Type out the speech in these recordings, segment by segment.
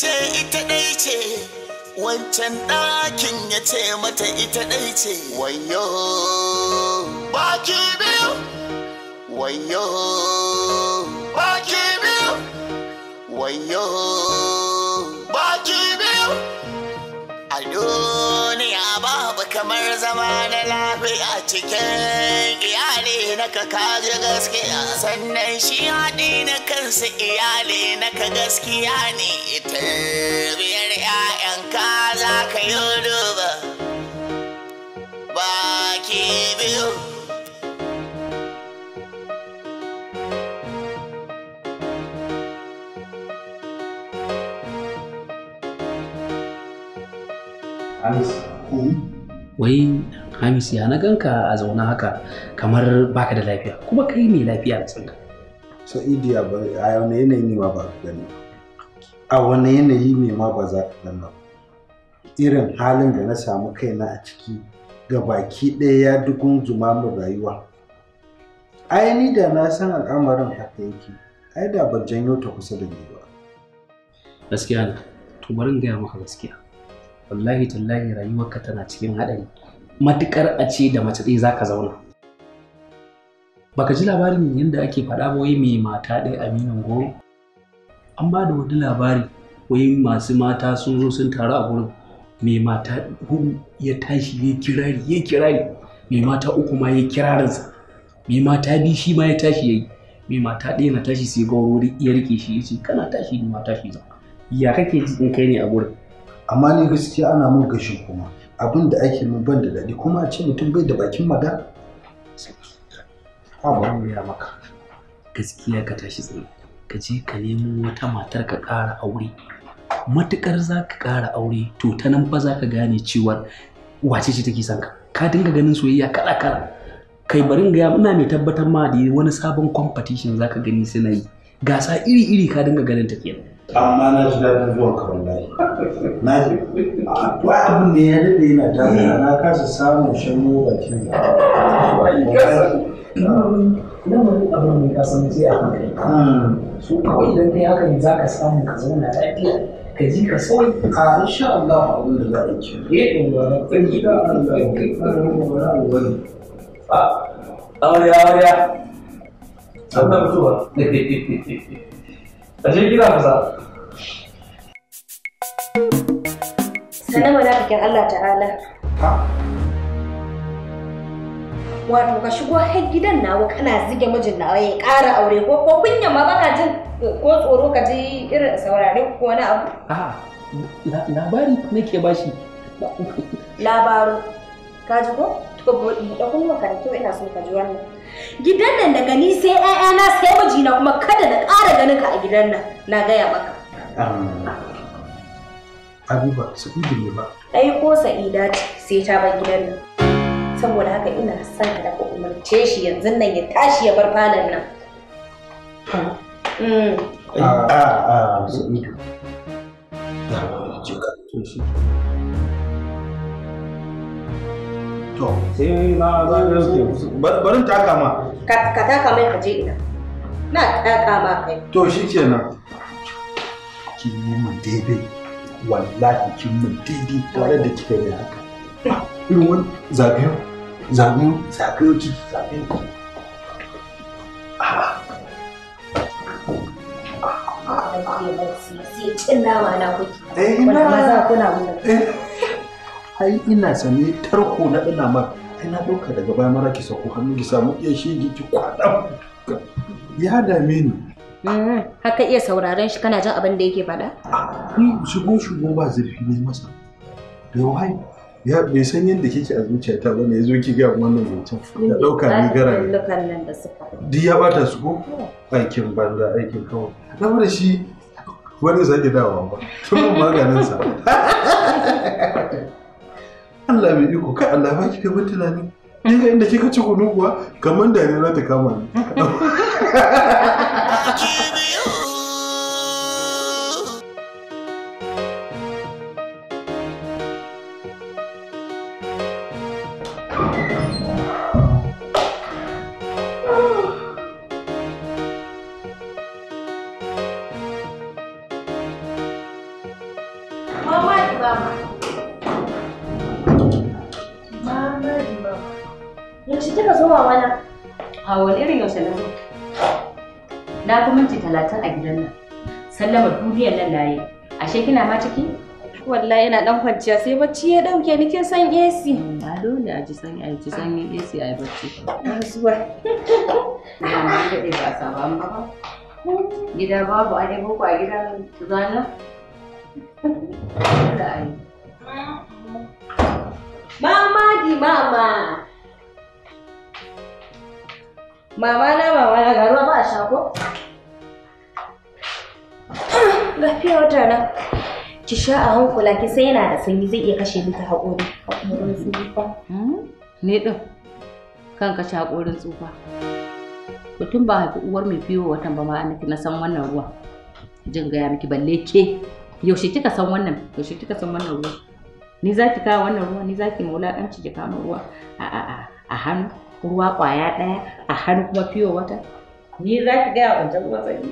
ce ita ɗai ce wancan ɗakin ya ce mata ita ɗai ce wayo baki biyu wayo baki biyu wayo baki biyu a duniya babu kamar zama na lafiya cikin iyali na ka kaji gaskiya sannan shi haɗi na kansa iyali na ka gaskiya ne biyar ‘ya'yan za ka yi duba baki biyu hmm? wai hamis ya na ganka a zaune haka kamar baka da lafiya kuma kai mai lafiya a tsanka so idiya ba a yau ne yanayin ma ba ka gani ba a wani yanayi ne ma ba za ka nan irin halin da na samu kaina a ciki ga baki ɗaya ya dugun zumamin rayuwa ai ni da na san al'amarin haka yake ai da ban janyo ta kusa da ni ba gaskiya na, to bari in gaya maka gaskiya wallahi tallahi rayuwarka tana cikin haɗari matukar a ce da mace ɗaya zaka zauna baka ji labarin yadda ake faɗa wai mai mata ɗaya aminin goro an ba da wani labari wai masu mata sun zo sun taru a gurin mai mata hudu ya tashi ya kirari ya kirari mai mata uku ma ya kirarinsa mai mata biyu shi ma ya tashi ya yi mai mata ɗaya na tashi sai gauro ya rike shi ya ce kana tashi ni ma tashi za ya kake ji in kai ne a gurin amma ni gaskiya ana mun gashin kuma abin da ake min ban da daɗi kuma a ce mutum bai da bakin magana ha ba mu ya maka gaskiya ka tashi tsaye ka je ka nemo wata matar ka ƙara aure matuƙar za ka ƙara aure to ta nan fa za ka gane cewar wace ce take son ka ka dinga ganin soyayya kala kala kai barin ga ina mai tabbatar ma da wani sabon competition za ka gani suna yi gasa iri iri ka dinga ganin ta kenan amma na ji daɗin zuwan ka wallahi na ji wai abin da ya daɗe yana damuwa na kasa samun shan bakin da na lamarin abin mai kasan sai a hankali su kawai idan kai hakan za ka samu ka zauna lafiya ka ji ka sauyi a insha Allah abin da za a ci eh ɗora ɗan gida Allah ya kai fara wani alwani a amarya amarya an na mutuwa a je gida ka sa sanama na bikin Allah ta'ala wato ka shigo har gidan nawa kana zige mijin nawa ya ƙara aure ko ko kunya ma baka jin ko tsoro ka ji irin saurare ko wani abu a'a labari nake bashi labaru ka ji ko to buɗe da kuma ka to ina so ka ji wannan gidan nan daga ni sai ƴaƴana sai mijina kuma kada na ƙara ganin ka a gidan nan na gaya maka Abubuwa, Sa'idu ne ba. Ɗai ko Sa'ida ce sai ta bar gidan nan. saboda haka ina son da ku umarce shi yanzu nan ya tashi ya bar falon nan a a ido to sai na barin taka ma ka taka mai kaje ina na taka ma kai to shikenan kin yi mun daidai wallahi kin mun daidai tare da kika da haka irin wani zagayen zaɓi zaɓi wuce zaɓi eh, eh, ai ina sane tarko na ina ma ina ɗauka daga baya mara ki sako hannu ki samu iya shi ki kwaɗa ya dame ni eh, ka iya sauraron shi kana jin abin da yake faɗa ah, ni shigo shigo ba zurfi ne masa da yau ya bai san yadda kike a ba bane ya zo ki ga wannan zancen ya dauka ni gara ne duk ya bata su ko hmm. aikin banza aikin kawai na da shi wani zaki dawa ba tun maganin sa Allah mai iko kai Allah ba ki kai ban tunani ga inda kika ci kunu kuwa kamar da ne na ta kama ni. wallahi yana dan kwanciya sai bacci ya dauke ni kin san AC a dole a ji san a ji san AC a bacci kasuwa ma da dai ba sa ba ba gida babu a dai boko a gida zana da mama di mama mama na mama na ga ruwa ba a shago lafiya wata na ki sha a hankula ki sai yana da sanyi zai iya kashe miki haƙori haƙorin hmm? tsufa ne din kanka ci haƙorin tsufa mutum ba haifi uwar mai fiyo watan ba ma na san wannan ruwa jin gaya miki balle ke yaushe kika san wannan yaushe kika san wannan ruwa ni za ki kawo wannan ruwa ni za ki maula ki kawo ruwa a a a a hannu ruwa kwaya ɗaya a hannu kuma fiyo wata ni za ki gaya wancan ruwa bane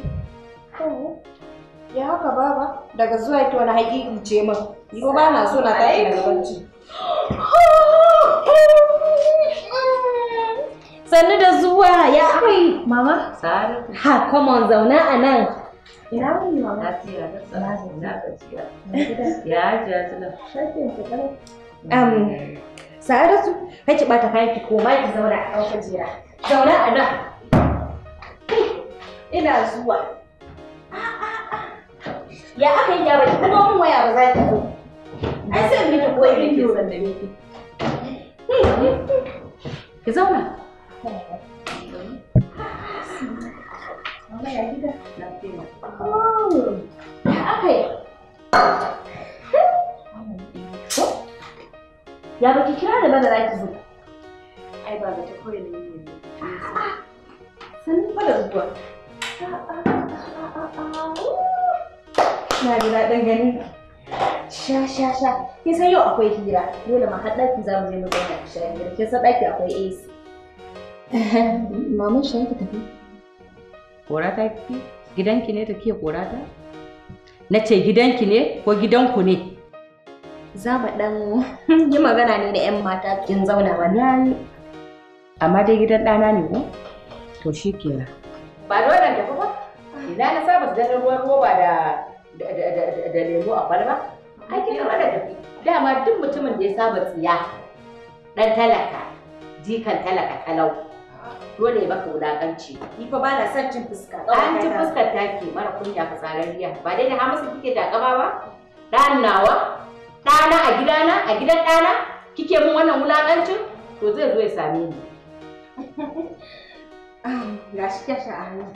Ya haka baba, daga zuwa ita wani haƙi ce min. Ni ba na so na tashi daga barci. Sannu da zuwa ya kai mama. Sa'adu. Ha, come on zauna a nan. Ina wani mama? Lafiya, da tsara, na tsira. Ya ajiya tana. Shafin ki kalau. Um, su, kai ki bata kayan ki koma ki zauna a kan jira. Zauna a nan. Ina zuwa. Ya aka yi gyara ki kuma mun waya ba za ta zo. Ai sai miki yi koyi ki san da miki. Ki zauna. Oh, ya baki kira da bada za ki zo. Ai ba ta koyi ne. Sun fara zuwa. na ji daɗin ganin sha sha sha kin san yau akwai hira dole ma har ɗaki za mu je mu zauna ki shirin hira kin san ɗaki akwai AC maman shi ki tafi kora ta ki gidanki ne take kora ta na ce gidanki ne ko gidanku ne za mu ɗan yi magana ne da 'yan mata kin zauna ma na amma dai gidan ɗana ne ko to shi kenan ba dole da ba ina na saba ganin ruwan roba da da lemo a kwalba ai kin da tafi dama duk mutumin da ya saba tsiya dan talaka jikan talaka kalau dole ya baka wulakanci ni fa ba na son cin fuska an ci fuskar take mara kunya ka riya ba dai da Hamisu, kike da gaba ba dan nawa ɗana a gidana a gidan ɗana kike min wannan wulakancin to zai zo ya same ni ah, Gashi shi a hannu.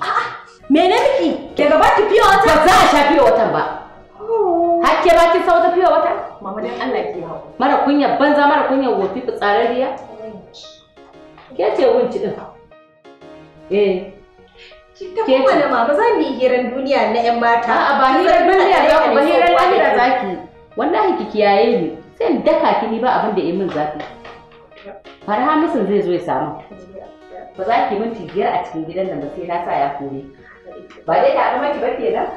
A'a Mene miki? Ke gaba ki fiye wata? Ba za a sha fiye watan ba. Oh. ke ba ki san wata fiye wata? Mama dan Allah ki hau. Mara kunya banza mara kunya wofi fitsararriya. Ke ce wunci din. Eh. ke ta kuma mama za mu yi hirar duniya na 'yan mata. A'a ba hirar duniya za ku ba hirar lafiya za ki. Wallahi ki kiyaye ni. Sai in daka ki ni ba abin da ya min zafi. Farha musun zai zo ya samu. Ba za ki minti biyar a cikin gidan nan ba sai na sa ya kore ki. ba dai da maki ba kenan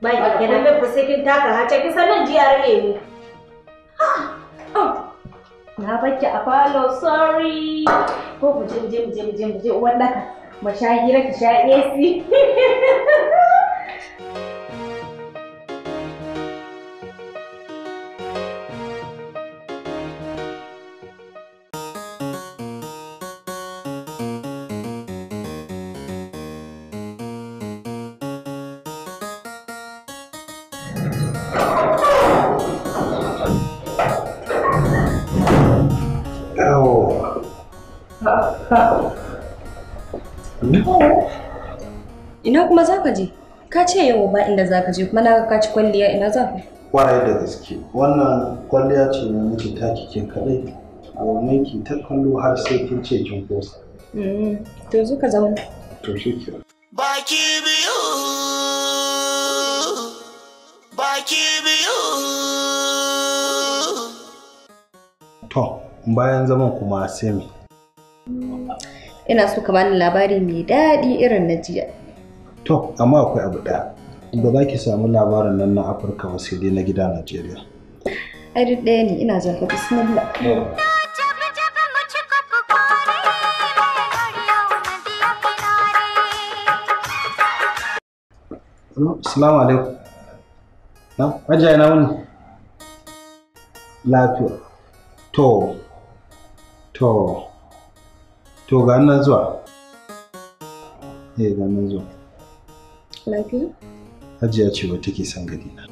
ba kenan ba ku sai kin taka ha kin san nan jiya rage ni ah! na bakki a falo sorry ko ku jim jim jim jim jim wanda ka mashahira ki sha AC kuma za ka je ka ce yau ba inda za ka je kuma na ka ci kwalliya ina za ka kwarai da gaske wannan kwalliya ce ne miki ta kike kadai a wannan ki ta kallo har sai kin ce kin kosa mm-hmm. to zo ka zauna to shi ke baki biyu baki biyu to bayan zaman kuma sai me ina so ka bani labari mai daɗi irin na jiya to amma akwai abu ɗaya ba za ki samu labarin nan na afirka ba sai dai na gida najeriya ai duk ɗaya ne ina jin ka bismillah Assalamu alaikum. Na, yana wani? Lafiya. To, to, to ga nan zuwa. Eh, ga nan zuwa. Lafiya? Hajiya ce wata ke son gani na.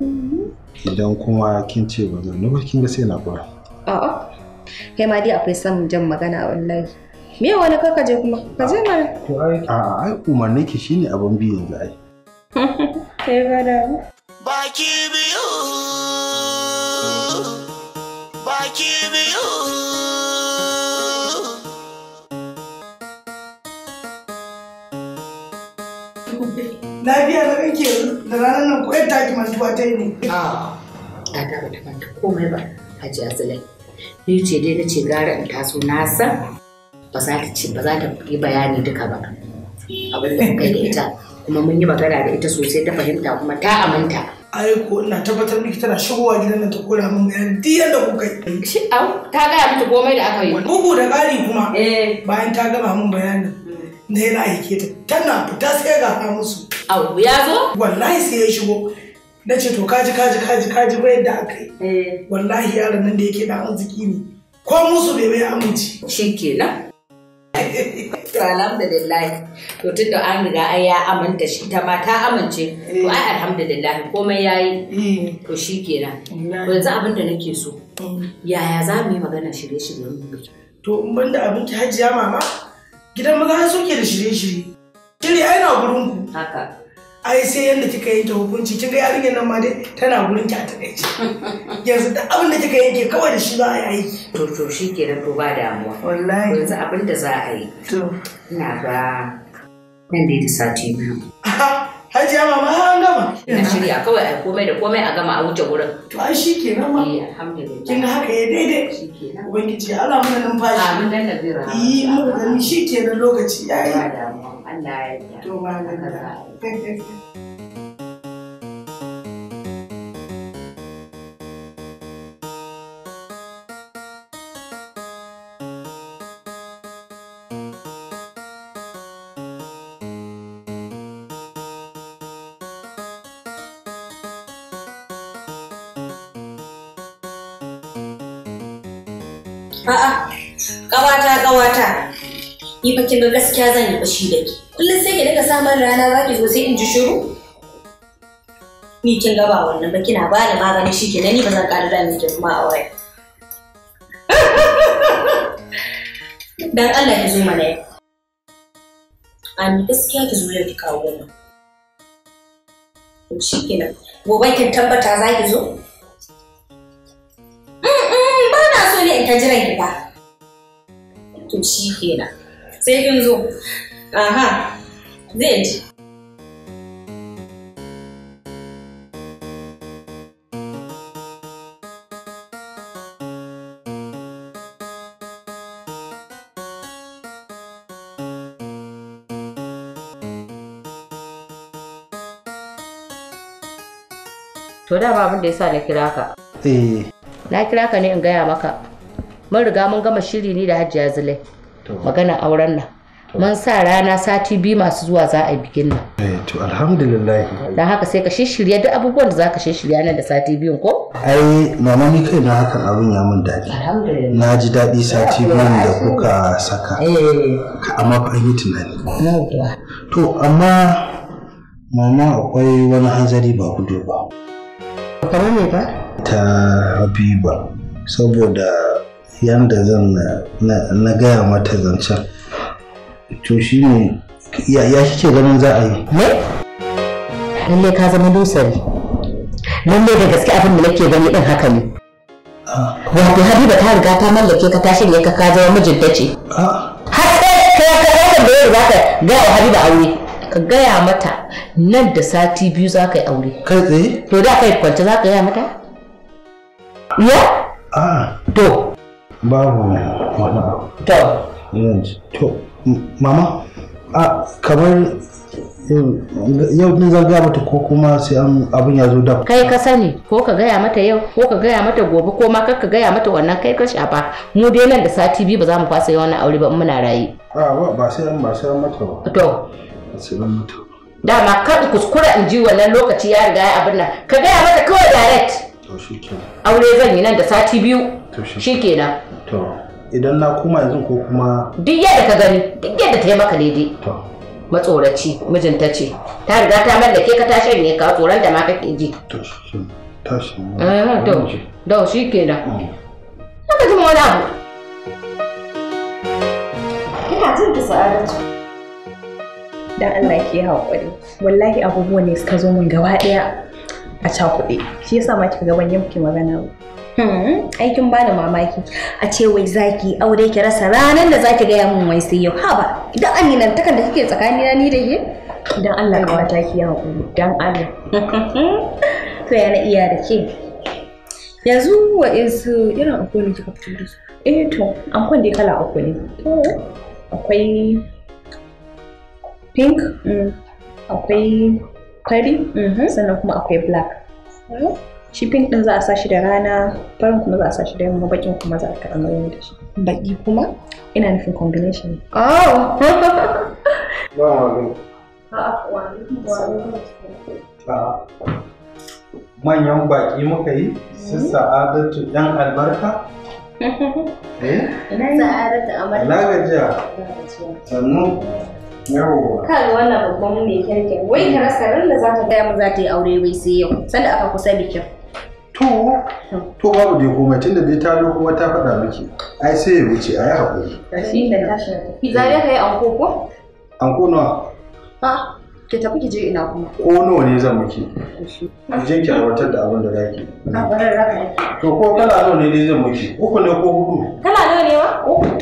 Mm-hmm. Idan kuma kin ce ba zan nuna kin ga sai na kura. A'a. Kai ma dai akwai son jan magana wallahi. Me wani kaka je kuma? Ka je mana. To ai a'a ai umarni ki shine abin bi yanzu ai. Kai da. Baki biyu. Baki biyu. lafiya na kake da ranar nan kuɗin taki mantuwa ta yi ne. A ta ba ta manta komai ba Hajji Azulai. Ni ce dai na ce gara in taso na san ba za ta ce ba za ta yi bayani duka ba. Abin da kai da ita kuma mun yi magana da ita sosai ta fahimta kuma ta aminta. Ai ko ina tabbatar miki tana shigowa gidan nan ta kora min bayani duk yadda kuka kai. Shi au ta gaya miki komai da aka yi. Bugu da ƙari kuma. Eh. Bayan ta gama min bayanin. Na yana aike ta tana fita sai ga ta musu. Abu ya zo? Wallahi sai ya shigo. Na ce to kaji kaji kaji kaji ba yadda aka yi. Eh. Wallahi yaron nan da yake da arziki ne. Ko musu bai bai aminci. Shi kenan. To alhamdulillah. To tun da an ai ya aminta shi ta ma ta amince. To ai eh. alhamdulillah komai yayi. Eh. To shi kenan. Yanzu abin da nake so. Mm. Yaya za mu yi magana shirye-shiryen biki? To in banda abinki hajiya mama gidan maza suke da shirye-shirye. kiri ai na gurin ku. Haka. Ai sai yanda kika yanke hukunci kin ga yarinyar nan ma dai tana gurin ki a takaice. Yanzu da abin da kika yanke kawai da shi za a yi aiki. To to shikenan to ba damuwa. Wallahi. Yanzu abin da za a yi. To. Ina ba nan dai da sati biyu. Hajiya mama an gama. Ina shirya kawai a komai da komai a gama a wuce wurin. To ai shi ke nan ma. Eh, alhamdulillah. Kin ga haka ya daidai. Shi ke nan. Ubangiji Allah mana numfashi. Amin dan da zira. Yi mu gani shi ke nan lokaci yayi. Ba damuwa. Allah ya yarda. A'a, ƙawata ƙawata, ni fa kin ga gaskiya zan yi bashi da ke. sai ki dinga samun rana za ki zo sai in ji shiru ni kin gaba wannan ba kina ba da magani shi ke ni ba zan ƙara da miki kuma a waya dan Allah ki zo mana yau Ani gaskiya ki zo yau ki kawo mu to shi nan gobe kin tabbata za ki zo ba na so ne in ta jiran ki ba to shi nan sai kin zo aha Z. To da ba da da sa na kira ka. Eh. Na kira ka ne in gaya maka. Mun riga mun gama shiri ni da Hajiya Zulai. Magana auren nan. mun sa rana sati biyu masu zuwa za a bikin nan. Eh, to alhamdulillah. Dan haka sai ka shishirya duk abubuwan da za ka shishirya nan da sati biyun ko? Ai mama ni kai na hakan abin ya mun daɗi. Na ji daɗi sati biyun da kuka saka. Ka eh. amma ba yi tunani. To amma mama akwai wani hanzari ba gudu ba. Kamar ne ba? Ta Habiba saboda yanda zan na gaya mata zancen. to shi ne ya kike ganin za a yi ne lalle ka zama dusari lalle da gaske abin da nake gani din haka ne ah. wato habiba ta riga ta mallake ka ta shirya ka ka zama mijinta ce ah. har sai ka ka zama da yau zaka ga wa habiba aure ka gaya mata nan da sati biyu za ka yi aure kai tsaye to da kai kwance za ka gaya mata ya ah. to babu wani abu to yanzu to mama a kamar yau din zan gaya mata ko kuma sai an abin ya zo da kai ka sani ko ka gaya mata yau ko ka gaya mata gobe ko ma kar ka gaya mata wannan kai ka shafa mu dai nan da sati biyu ba za mu fasa yawan wannan aure ba muna raye a ba sai an ba sai an mata ba to sai an mata dama kar kuskura in ji wannan lokaci ya riga ya abin nan ka gaya mata kawai direct to shikenan aure zan yi nan da sati biyu shikenan to idan na koma yanzu ko kuma duk yadda ka gani duk yadda ta yi maka daidai matsoraci mijinta ce ta riga ta mallake ka ta ne ka tsoron da ma kake ji to tashi eh, to da shi kenan mm. ka ji wani abu ina jin ki sa'adatu dan Allah ki haƙuri wallahi abubuwa ne suka zo min gaba daya a cakuɗe shi yasa ma kika ga ban yi magana ba Hmm, aikin bani mamaki a ce wai zaki aure ki rasa ranar da zaki gaya mun wai sai yau haba idan aminan takan da kike tsakani na ni da ke Idan Allah ka wata ki ya hakuri dan Allah to ya na iya da ke yanzu wa isu irin akwai ne kika fito da su eh to an kwan dai kala uku ne akwai pink mm. akwai fari mm-hmm. sannan kuma akwai black mm-hmm. shipping din za a sa shi da rana farin kuma za a sa shi da yamma bakin kuma za a amma mai da shi baki kuma ina nufin combination oh ba wani manyan baki muka yi su mm-hmm. sa'adatu yan albarka eh sa'adatu amarka lagajiya kan wannan babban mai kyanke wai ka rasa ran da za ta gaya mu za ta yi aure bai sai yau sanda aka kusa bikin to to babu dai komai tunda dai ta lo kuma ta faɗa miki ai sai ya wuce ai hakuri shi da tashi ki zare kai anko ko anko nawa a ki tafi ki je ina kuma ko nawa ne zan miki ki je ki aiwatar da abin da zaki a barar raka to ko kala nawa ne zan miki uku ne ko hudu uku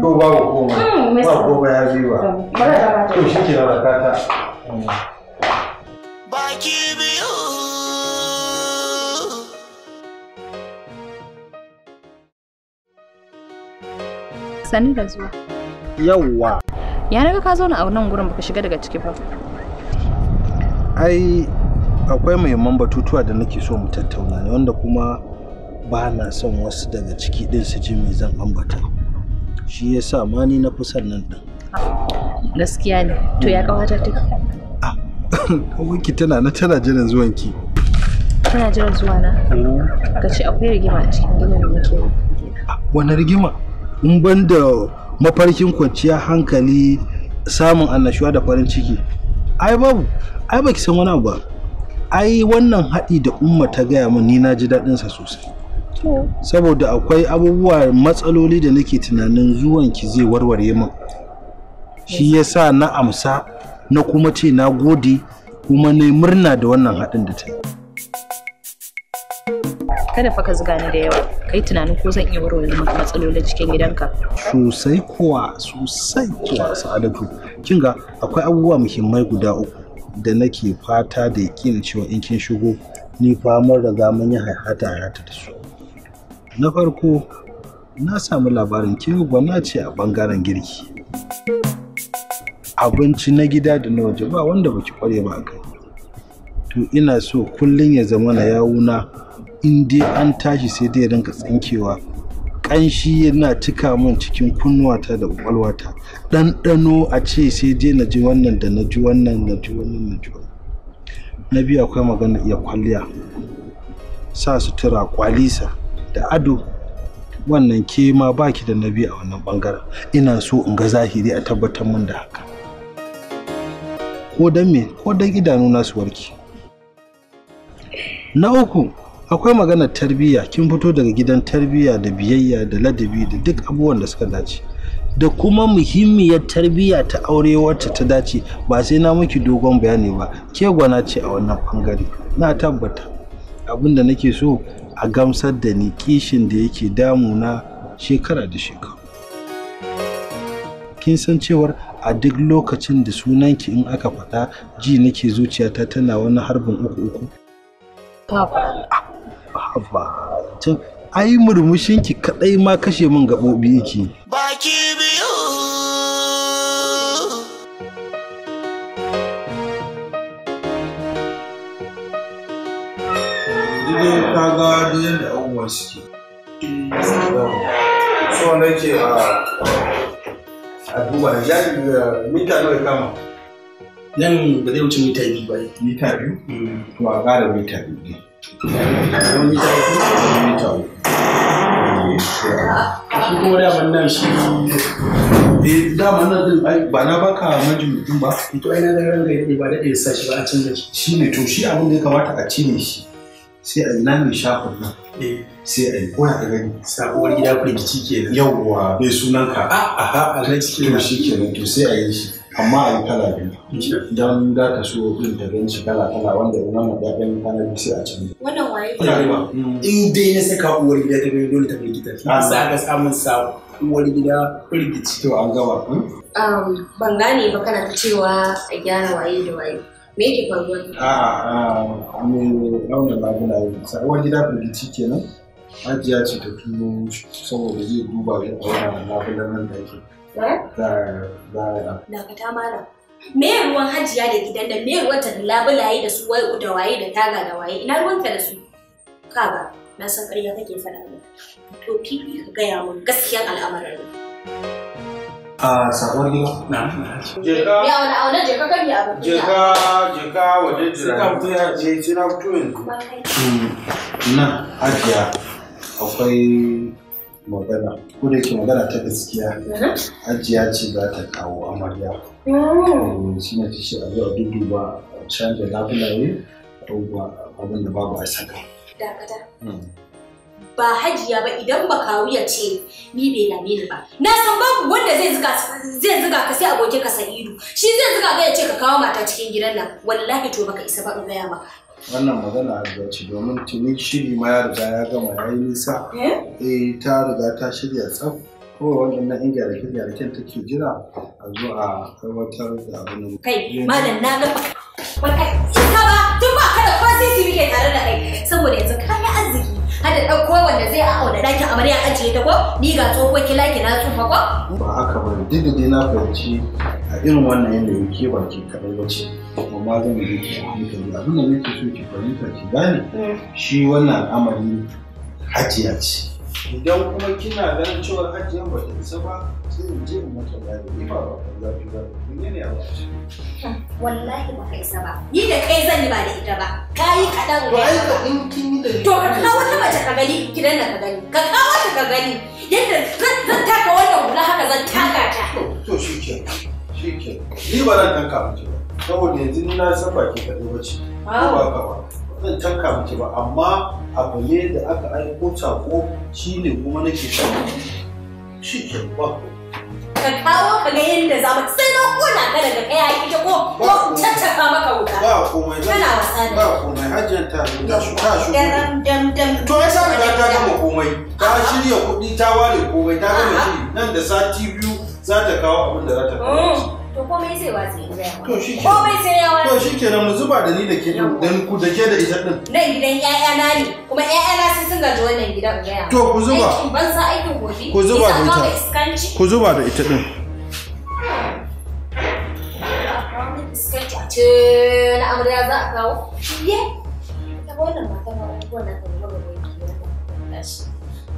to babu ko hmm, ba komai ya zai ba to shi ke nan kata baki biyu sani da zuwa yawwa ya naga ka zauna a nan gurin baka shiga daga ciki ba. ai akwai muhimman batutuwa da nake so mu tattauna ne wanda kuma ba na son wasu daga ciki ɗin su ji me zan ambata shi ya sa ma ni na fusan nan ɗin gaskiya ne to ya kawata ta a ah, wanki tana na tana jiran zuwanki tana jiran zuwa na mm. ka ce akwai rigima a cikin gidan da muke ah, wani rigima in ban da mafarkin kwanciya hankali samun annashuwa da farin ciki ai babu ai baki san wani abu ba ai wannan haɗi da umma ta gaya min ni na ji daɗinsa sosai saboda akwai abubuwa matsaloli da nake tunanin zuwanki zai warware min shi ya sa na amsa na kuma ce na gode kuma na murna da wannan haɗin da ta yi kada fa ka zuga ni da yawa kai tunanin ko zan iya warware maka matsalolin cikin gidanka sosai kuwa sosai kuwa sa'adatu kin ga akwai abubuwa muhimmai guda uku da nake fata da yakin cewa in kin shigo ni fa mun riga mun yi haihata haihata da su na farko na samu labarin kiwo gwana ce a bangaren girki abinci na gida da na waje ba wanda baki kware ba kai to ina so kullum ya zama na yawuna in dai an tashi sai dai rinka tsinkewa ƙanshi yana cika min cikin kunnuwata da ƙwaƙwalwata ɗanɗano a ce sai dai na ji wannan da na ji wannan na ji wannan na ji wannan na biyu akwai magana iya kwalliya sa sutura kwalisa da ado wannan ke ma baki da nabi a wannan bangaren ina so in ga zahiri a tabbatar min da haka ko dan me ko dan idanu na su warke na uku akwai maganar tarbiyya kin fito daga gidan tarbiyya da biyayya da ladabi da duk abubuwan da suka dace da kuma muhimmiyar tarbiyya ta aure wacce ta dace ba sai na miki dogon bayani ba ke gwana ce a wannan bangare na tabbata abin da nake so a gamsar da ni kishin da yake damuna shekara da shekaru kin san cewar a duk lokacin da sunanki in aka faɗa ji nake zuciyata tana wani harbin uku uku Haba. Haba. Ai murmushinki kaɗai ma kashe min gaɓoɓi yake. Baki biyu. dai ka ga duk yadda abubuwa suke so na ce ah, a duba da jari eh, mita nawa ya kama nan ba zai wuce mita biyu ba mita biyu to a ƙara mita biyu ne wani mita biyu wani mita uku shi kuma daman nan shi eh daman nan din ai ba na baka majin mutum ba ito ai na da ran da ba da ya sa shi ba a canza shi shine to shi abin da ya kamata a cire shi sai a ina mai shafin nan sai a yi eh. koya ta gani sabuwar gida firgici kenan yawwa bai sunan ka a ah, a ha alhaji kenan shi kenan to sai a yi shi amma a yi kala biyu don za ka so ɗin ta gan shi kala kala wanda ina mana da ɗan kala biyu sai a can wannan waye ba. Mm. in dai na saka uwar gida ta gani dole ta firgita a sa ka samun sabuwar gida firgici to an gaba hmm? um, ban gane ba kana ta cewa a gyara waye da waye me yake faruwa a a me launa labulaye sabuwar gida firgici kenan Hajiya ce ta tuno saboda zai duba yin auna labulan nan da ake. Da da da. Da mara. Me ruwan hajiya da gidan da me ruwan ta labulaye da su wai da waye da taga da waye ina ka da su? ba? na san ƙarya kake faɗa min. To fili ka gaya min gaskiyar al'amarin. a sabon lima na jeka ya wani auna jeka kan ya abu jeka jeka waje jira ka fito ya je sai na yanzu hmm, na ajiya akwai magana ko da yake magana ta gaskiya mhm. ajiya ce za ta kawo amarya oh. hmm, shi ne ta shi a zuwa duduba a canja labulaye ba abin da babu a saka dakata hmm. ba hajiya ba idan ba kawuya ce ni bai dame ni ba na san babu wanda zai zuga zai zuga ka sai abokin ka Sa'idu shi zai zuga ga yace ce ka kawo mata cikin gidan nan wallahi to baka isa ba in gaya maka wannan magana a ce domin tuni shiri ma ya riga ya gama ya yi nisa eh, eh ta riga ta shirya tsaf inga da yan da kenta ke jira a zo a aiwatar da abin kai malam na ga ba ka ba tun ba ka da kwasi muke tare da kai saboda yanzu kayan arziki hada ɗauko wanda zai a auna ɗakin amarya ajiye ta ko ni ga tsoho kila ki na tsufa ko. ba haka ba duk da dai na fahimci a irin wannan yanayi ke ba ke kaɗai ba ce amma zan yi ki hankali abin da nake so ki fahimta ki gane hmm. shi wannan al'amari hajiya ce. idan kuma kina ganin cewa hajiyan ba ta isa ba sai in je in mata bayani ba ba ba zafi ba ne ne a ba hmm, wallahi ba ka isa ba ni da kai zan yi ba da ita ba kayi kaɗan ba ai ka in kin yi gidan nan ka gani ka kawo ta ka gani yadda zan zan taka wannan hula haka zan taka ta to shi ke shi ke ni ba zan tanka miki ba saboda yanzu ni na san ba ke duba ba ce ba ka ba zan tanka miki ba amma abu ne da aka aiko sako shine kuma nake shi ke ba ka kawo ka ga yadda za mu sai na kona ka daga kai ai kike ko ko caccaka maka wuta ba komai kana wasa ba komai hajjan ta ta shu ta shu dan dan dan to ai sai riga ta gama komai ta shirya kuɗi ta ware komai ta gama shiri nan da sati biyu za ta kawo abin da za ta kawo mm. To komai zai watsi in gaya To shi Komai sai ya watsi. To shi kenan mu zuba da ni da ke dan ku da ke da ita din. Nan gidan ƴaƴa na ne kuma ƴaƴa na sun sun gaji wannan gidan in gaya. To ku zuba. Aikin sa aikin gobe. Ku zuba da ita. Ku zuba da ita din. Ce na amarya za a kawo? Ye. Ta wannan mata ma wannan ta zama ga wani tashi.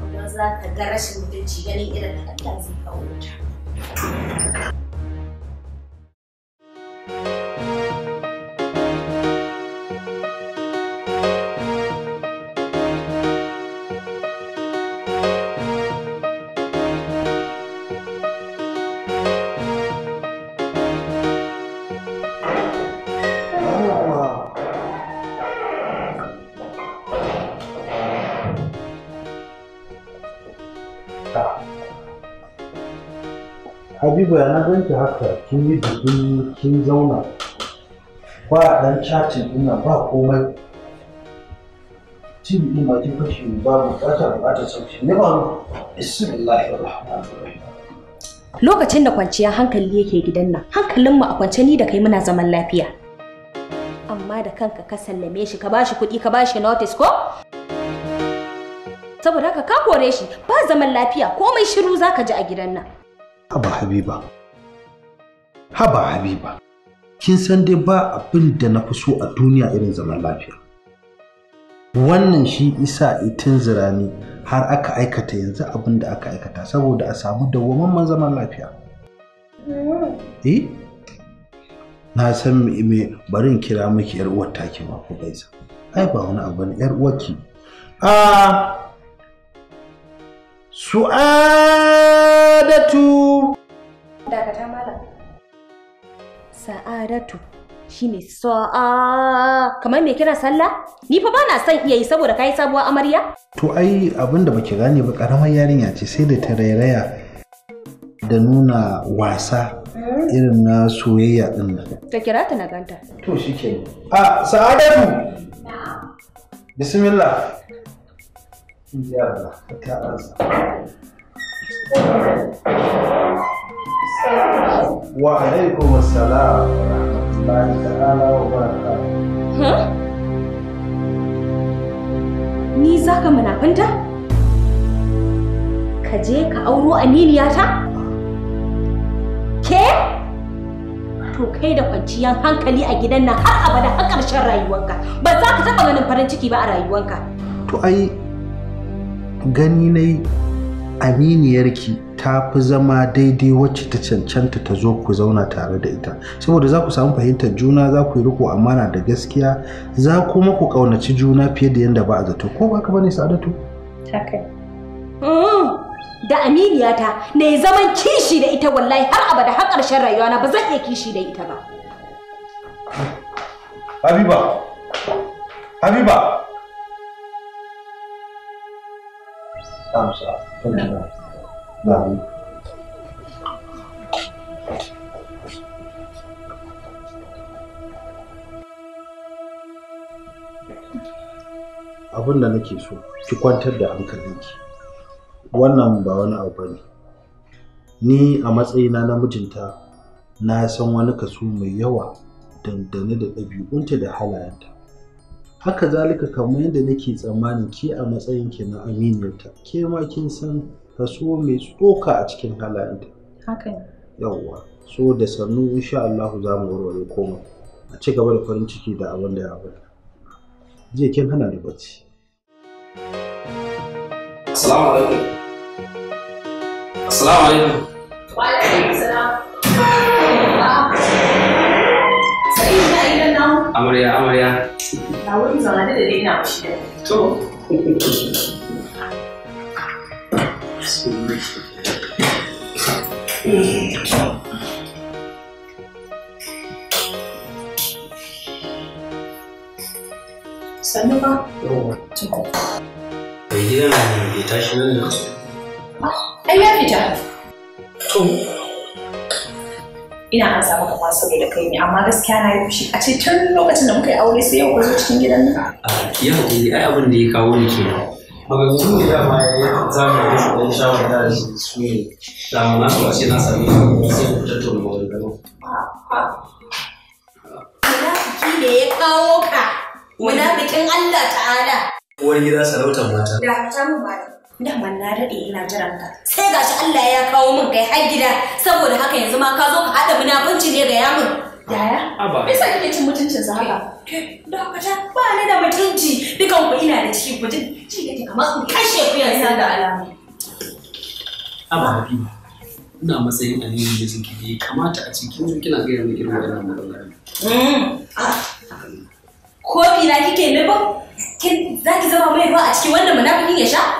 Amma za ta ga rashin mutunci ganin irin da Allah zai kawo ta. Thank you. habibu ya na ganki haka kin yi dubin kin zauna ba dan chatin ina ba komai Cin din ba kin fashe ba ba ta sauki ne ba bismillahir rahmanir rahim lokacin da kwanciya hankali yake gidan nan hankalin mu a kwance ni da kai muna zaman lafiya amma da kanka ka sallame shi ka bashi kuɗi ka bashi notice ko saboda haka ka kore shi ba zaman lafiya komai shiru zaka ji a gidan nan Haba Habiba. Haba Habiba. Kin san dai ba abin da na fi so a duniya irin zaman lafiya. Wannan shi isa itin zirani har aka aikata yanzu abin da aka aikata saboda a samu dawwamamman zaman lafiya. Eh? eh? Na san me bari in kira miki yar uwar take ma bai gaisa. Ai ba wani abu ne yar uwarki. Ah Sa'adatu. Dakata malam. Sa'adatu shine sa'a kamar me kina sallah? Ni fa ba na son iya yi saboda kai sabuwar amarya? To ai abin da baki gane ba karamar yarinya ce sai da ta rairaya da nuna wasa hmm? irin na soyayya din nan. Ta kira ta na ganta. To shike. A Sa'adatu. Bismillah. Ya Allah, ka wa alaikum assalam wa rahmatullahi wa barakatuh ni zaka munafanta ka je ka auro aniliyata ke to kai da kwanciyar hankali a gidan nan har abada har ƙarshen rayuwarka ba za ka taɓa ganin farin ciki ba a rayuwarka to ai gani na yi aminiyarki ta fi zama daidai wacce ta cancanta ta zo ku zauna tare da ita saboda za ku samu fahimtar juna za ku yi riko amana da gaskiya za kuma ku ƙaunaci juna fiye da yadda ba a zato ko ba ka bane sa'adatu da aminiyata ne zaman kishi da ita wallahi har abada har ƙarshen rayuwa na ba zan iya kishi da ita ba habiba habiba abunda abin da nake so ki kwantar da hankalinki wannan ba wani abu ne. ni a matsayina na mijinta na san wani kaso mai yawa dangane da ɗabi'unta da halayenta haka zalika kamar yadda nake tsammanin ke a matsayin ki na aminiyarta ke ma kin san kaso mai tsoka a cikin halayenta haka yawwa so da sannu insha Allah za mu warware koma a ci gaba da farin ciki da abin da ya faru jiya kin hana ni bacci assalamu alaikum assalamu alaikum wa alaikum assalam amarya amarya a wani zaune da dai na shi to sannu ba mai gidan bai tashi nan da ai ya fita to ina an samu kama saboda kai ne amma gaskiya na yi fushi a ce tun lokacin da muka yi aure sai yau ka cikin gidan nan. ya hakuri ai abin da ya kawo ni ke ne da ma ya yi zamu da su ɗan shawar da shi su ne da na so a ce na sami sai ku tattauna maganganu. munafiki da ya kawo ka munafikin Allah ta'ala. uwar gida sarautar mata. da ta mu ba man na daɗe ina jiran ka. Sai gashi Allah ya kawo min kai har gida saboda haka yanzu ma ka zo ka haɗa munafunci ne ga yamin. Yaya? Aba. Me kike cin mutuncin sa haka? Ke, ta ba ni da mutunci dukan ku ina da ciki mutun ci kake kamar in kashe ku yanzu da alamu. Aba Habiba. Ina matsayin aliyu da suke yi kamata a cikin zo kina gaya min irin wannan ko bi na kike ba Za ki zama mai ba a cikin wannan munafikin ya sha?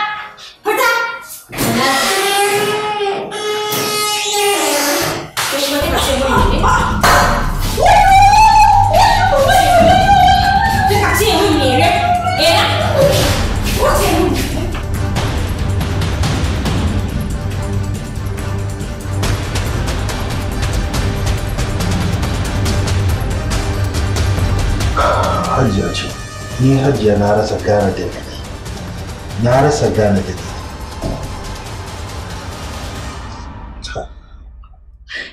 hajiya ce ni hajiya na rasa gane da ni na rasa gane da ni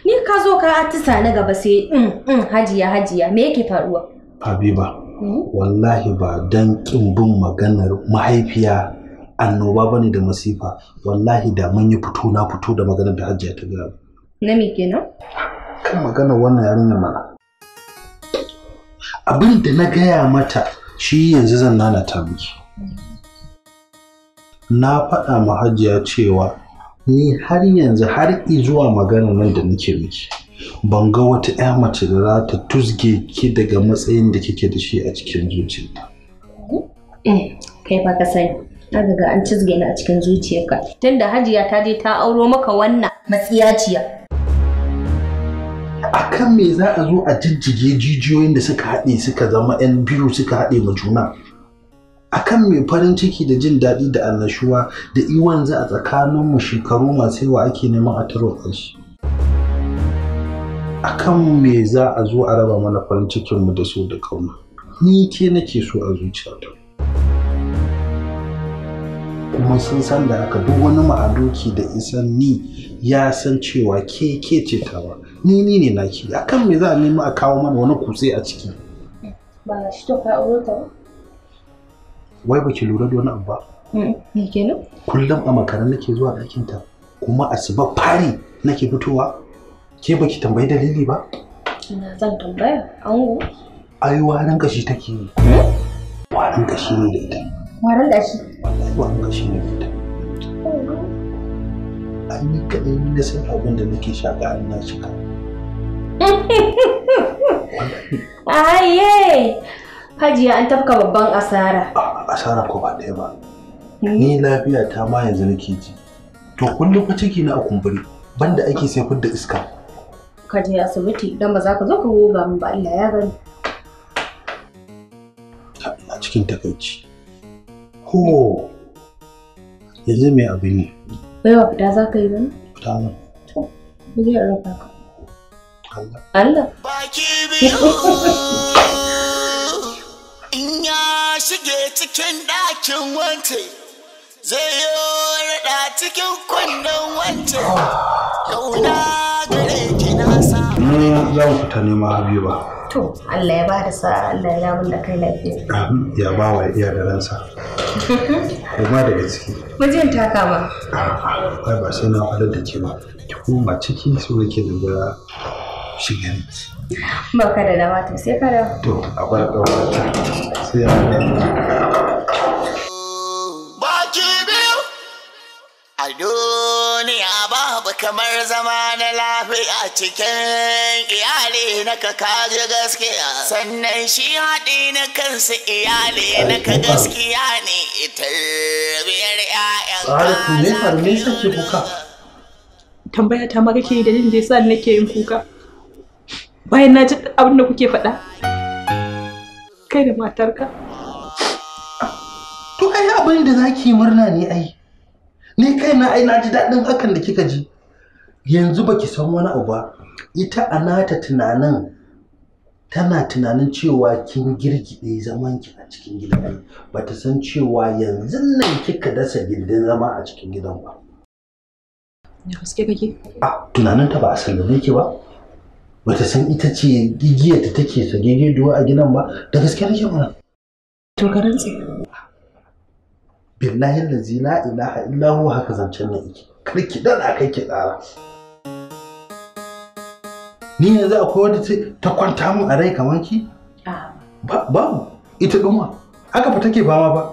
ni ka zo ka atisa na gaba sai in mm, in mm, hajiya hajiya me yake faruwa habiba hmm? wallahi ba dan kin bin maganar mahaifiya annoba bane da masifa wallahi da mun yi fito na fito da maganar da hajiya ta gaba na me kenan kan magana wannan yarinya mana abin da na gaya mata shi yanzu zan nana ta miki na faɗa ma hajiya cewa ni har yanzu har zuwa magana nan da nake miki ban ga wata 'ya mace da za ta tusge ki daga matsayin da kike da shi a cikin zuciyarta. Eh, kai ba ka sani na daga an tusge ni a cikin zuciyarka tunda hajiya ta je ta auro maka wannan matsiyaciya akan me za a zo a jijjige jijiyoyin da suka haɗe suka zama 'yan biyu suka haɗe ma juna akan me farin ciki da jin daɗi da annashuwa da iwan za a mu shekaru masu yawa ake neman a tarwatsa shi akan me za a zo a raba mana farin cikinmu da su da kauna ni ke nake so a zuciyata kuma sun san da haka duk wani ma'adoki da isan ni ya san cewa ke ke ce tawa ni ni ne naki akan me za a nemi a kawo mana wani kutse a ciki ba shi to ka aure ta wai baki lura da wani abu ba me kenan kullum a makara nake zuwa ɗakin ta kuma asuba fari nake fitowa ke baki tambayi dalili ba ina zan tambaya ango ai warin kashi take yi hmm? warin kashi ne da ita Waran da shi. Wannan shi ne fita. Ai kaɗai ni na san abin da nake shaƙa in na cika. Aye! Hajiya an tafka babban asara. Asara ko ba ɗaya ba. Hmm. Ni lafiya ta ma yanzu nake ji. To kullum fa ciki na a kumburi banda ake sai da iska. Ka je asibiti don ba za ka zo ka goga min ba Allah ya gani. Ina cikin takaici. Ko yanzu mai abu ne. Baiwa fita za ka yi ba? Fita zan. To, zai rafa ka. Allah. Allah. Baki biyu in ya shige cikin ɗakin wance zai cikin kwandon wance. Ah. Yau na Ni zan fita nema Habiba. To, Allah ya ba da sa Allah ya labun da kai lafiya. Amin, ya ba wa iya da ransa. Kuma daga ciki. Mijin ta kama. A'a, ba sai na faɗar da ke ba. Ki koma ciki so yake da ga shigen. Ba ka da dama to sai ka da. To, a bar ƙawar sai ya Baki biyu. Ado. a babu kamar zama na lafiya cikin iyali na ka kaji gaskiya sannan shi haɗi na kansu iyali na ka gaskiya ne tarbiyar ƴaƴan kuka tambaya ta ma kake da jin da yasa nake yin kuka bayan na ji abin da kuke faɗa kai da matarka to ai abin da zaki murna ne ai ni kai na ai na ji daɗin hakan da kika ji yanzu baki san wani abu ba ita a nata tunanin tana tunanin cewa kin girgide zaman ki a cikin gidan ba bata san cewa yanzu nan kika dasa gindin zama a cikin gidan ba da gaske kake a tunanin ta ba a sallame ki ba bata san ita ce gigiyar ta take sagege duwa a gidan ba da gaske nake ba to karantsi billahi lazi la ilaha illahu haka zancen nan yake kar ki karki kai ki tsara ni yanzu akwai wadda ta kwanta mun a rai kamar ki ah. babu ita ɗuma aka fa take fama ba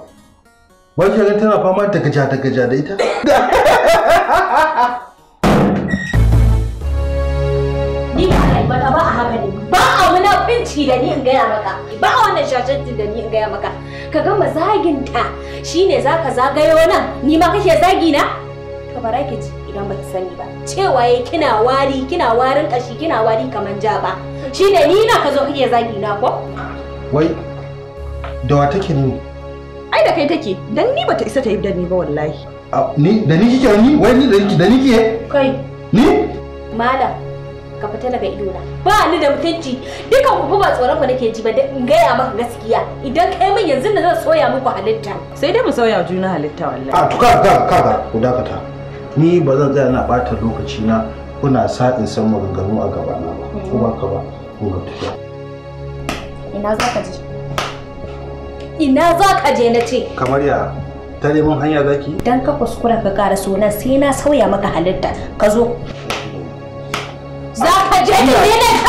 ba ki tana fama da gaja da gaja da ita shi da ni in gaya maka ba wannan shashanci da ni in gaya maka ka ga mazagin ta shine zaka zagaye wannan ni ma kake zagi na to bara ki ji idan baki sani ba cewa yayi kina wari kina warin kashi kina wari kaman ja ba shine ni na ka zo kike zagi na ko wai da wa take ni ai da kai take dan ni bata isa ta yi da ni ba wallahi ni da ni kike ni wai ni da ni kike kai ni malam ka fita daga na ba ni da mutunci dukan ku ba tsoron ku nake ji ba in gaya maka gaskiya idan kai min yanzu na zan soya muku halitta sai dai mu soya juna halitta wallahi a to ka ka ku dakata ni ba zan tsaya na bata lokaci na kuna sa in san maganganu a gaba na ba ko ba ka ba ku ga tafiya ina za ka je ina za ka je na ce kamar ya ta neman hanya zaki dan ka kuskura ka kara sunan sai na sauya maka halitta ka zo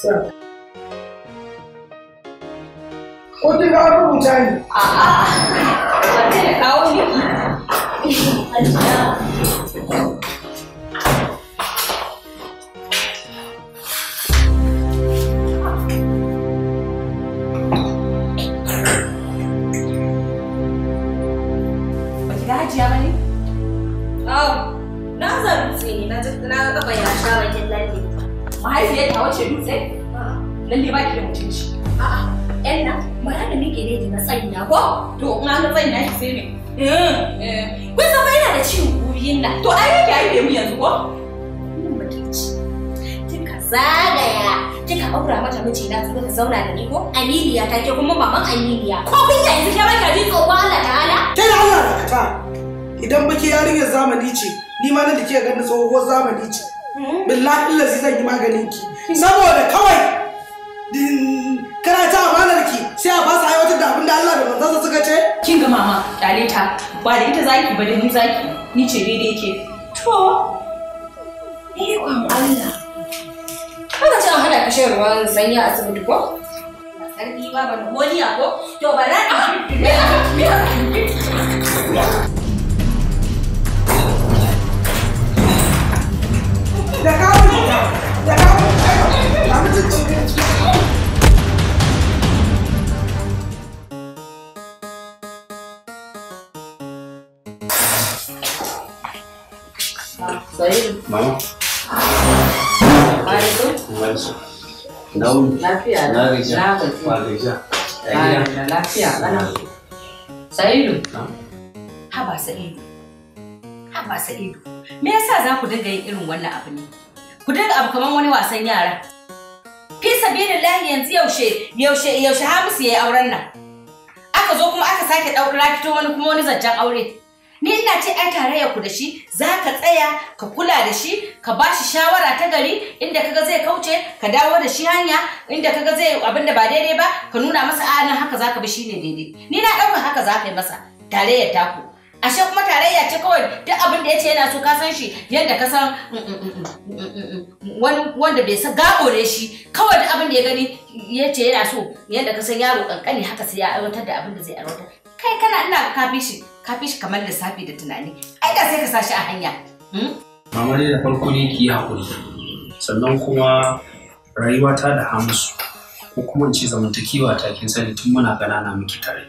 Ko ta ga rubuta A'a, ba ta um, na mahaifiyar ta wace dutse lalle ba ki da mutunci a'a yan nan mara da nake ne na tsanya ko to in an tsanya ki sai ne eh, eh. kun san ba yana da ciwon guriyin na. to ai yake haife mu yanzu ko mun ci. kika zagaya kika aura mata miji na zo ka zauna da ni ko Aminiya ta ke kuma maman Aminiya ko kun yi yanzu ke baka ji tsoro Allah ta'ala kai da Allah ka ta idan baki yarinyar zamani ce ni ma na da ke ganin tsohuwar zamani ce billahi lazi zan yi maganin ki saboda kawai kana ta amanar ki sai a fasa aiwatar da abin da Allah da manzansa suka ce kin ga mama kyale ta ba da ita zaki ba da ni zaki ni ce daidai yake to ni ikon Allah kada ta hana ka shan ruwan sanya a asibiti ko sarki ba ban godiya ko to ba za ka ah, me me na gaji na ya lafiya ana sa'idu haba sa'idu haba sa'idu me yasa za ku dinga yin irin wannan abu ne ku dinga abu kamar wani wasan yara fi sabilillahi yanzu yaushe yaushe yaushe Hamisu yi auren nan aka zo kuma aka sake ɗaukar fito wani kuma wani zancen aure ni ina ce ai tarayya ku da shi za ka tsaya ka kula da shi ka ba shi shawara ta gari inda kaga zai kauce ka dawo da shi hanya inda kaga zai abin da ba daidai ba ka nuna masa a nan haka zaka bi shine daidai ni na ɗauka haka za ka yi masa tarayyar taku ashe kuma tarayya ce kawai duk abin da ya yana so ka san shi yadda ka san mm, mm, mm, wani wanda bai san gabo ne shi kawai duk abin da ya gani yace yana so yadda ka san yaro kankani haka sai ya aiwatar da abin da zai aiwatar kai kana ina ka bi shi ka fi shi kamar lissafi da tunani ai da sai ka sashi a hanya hmm? mama da farko ne ki yi hakuri sannan kuma rayuwata da hamsu ko kuma in ce zamantakewa ta kin sani tun muna ƙanana muke tare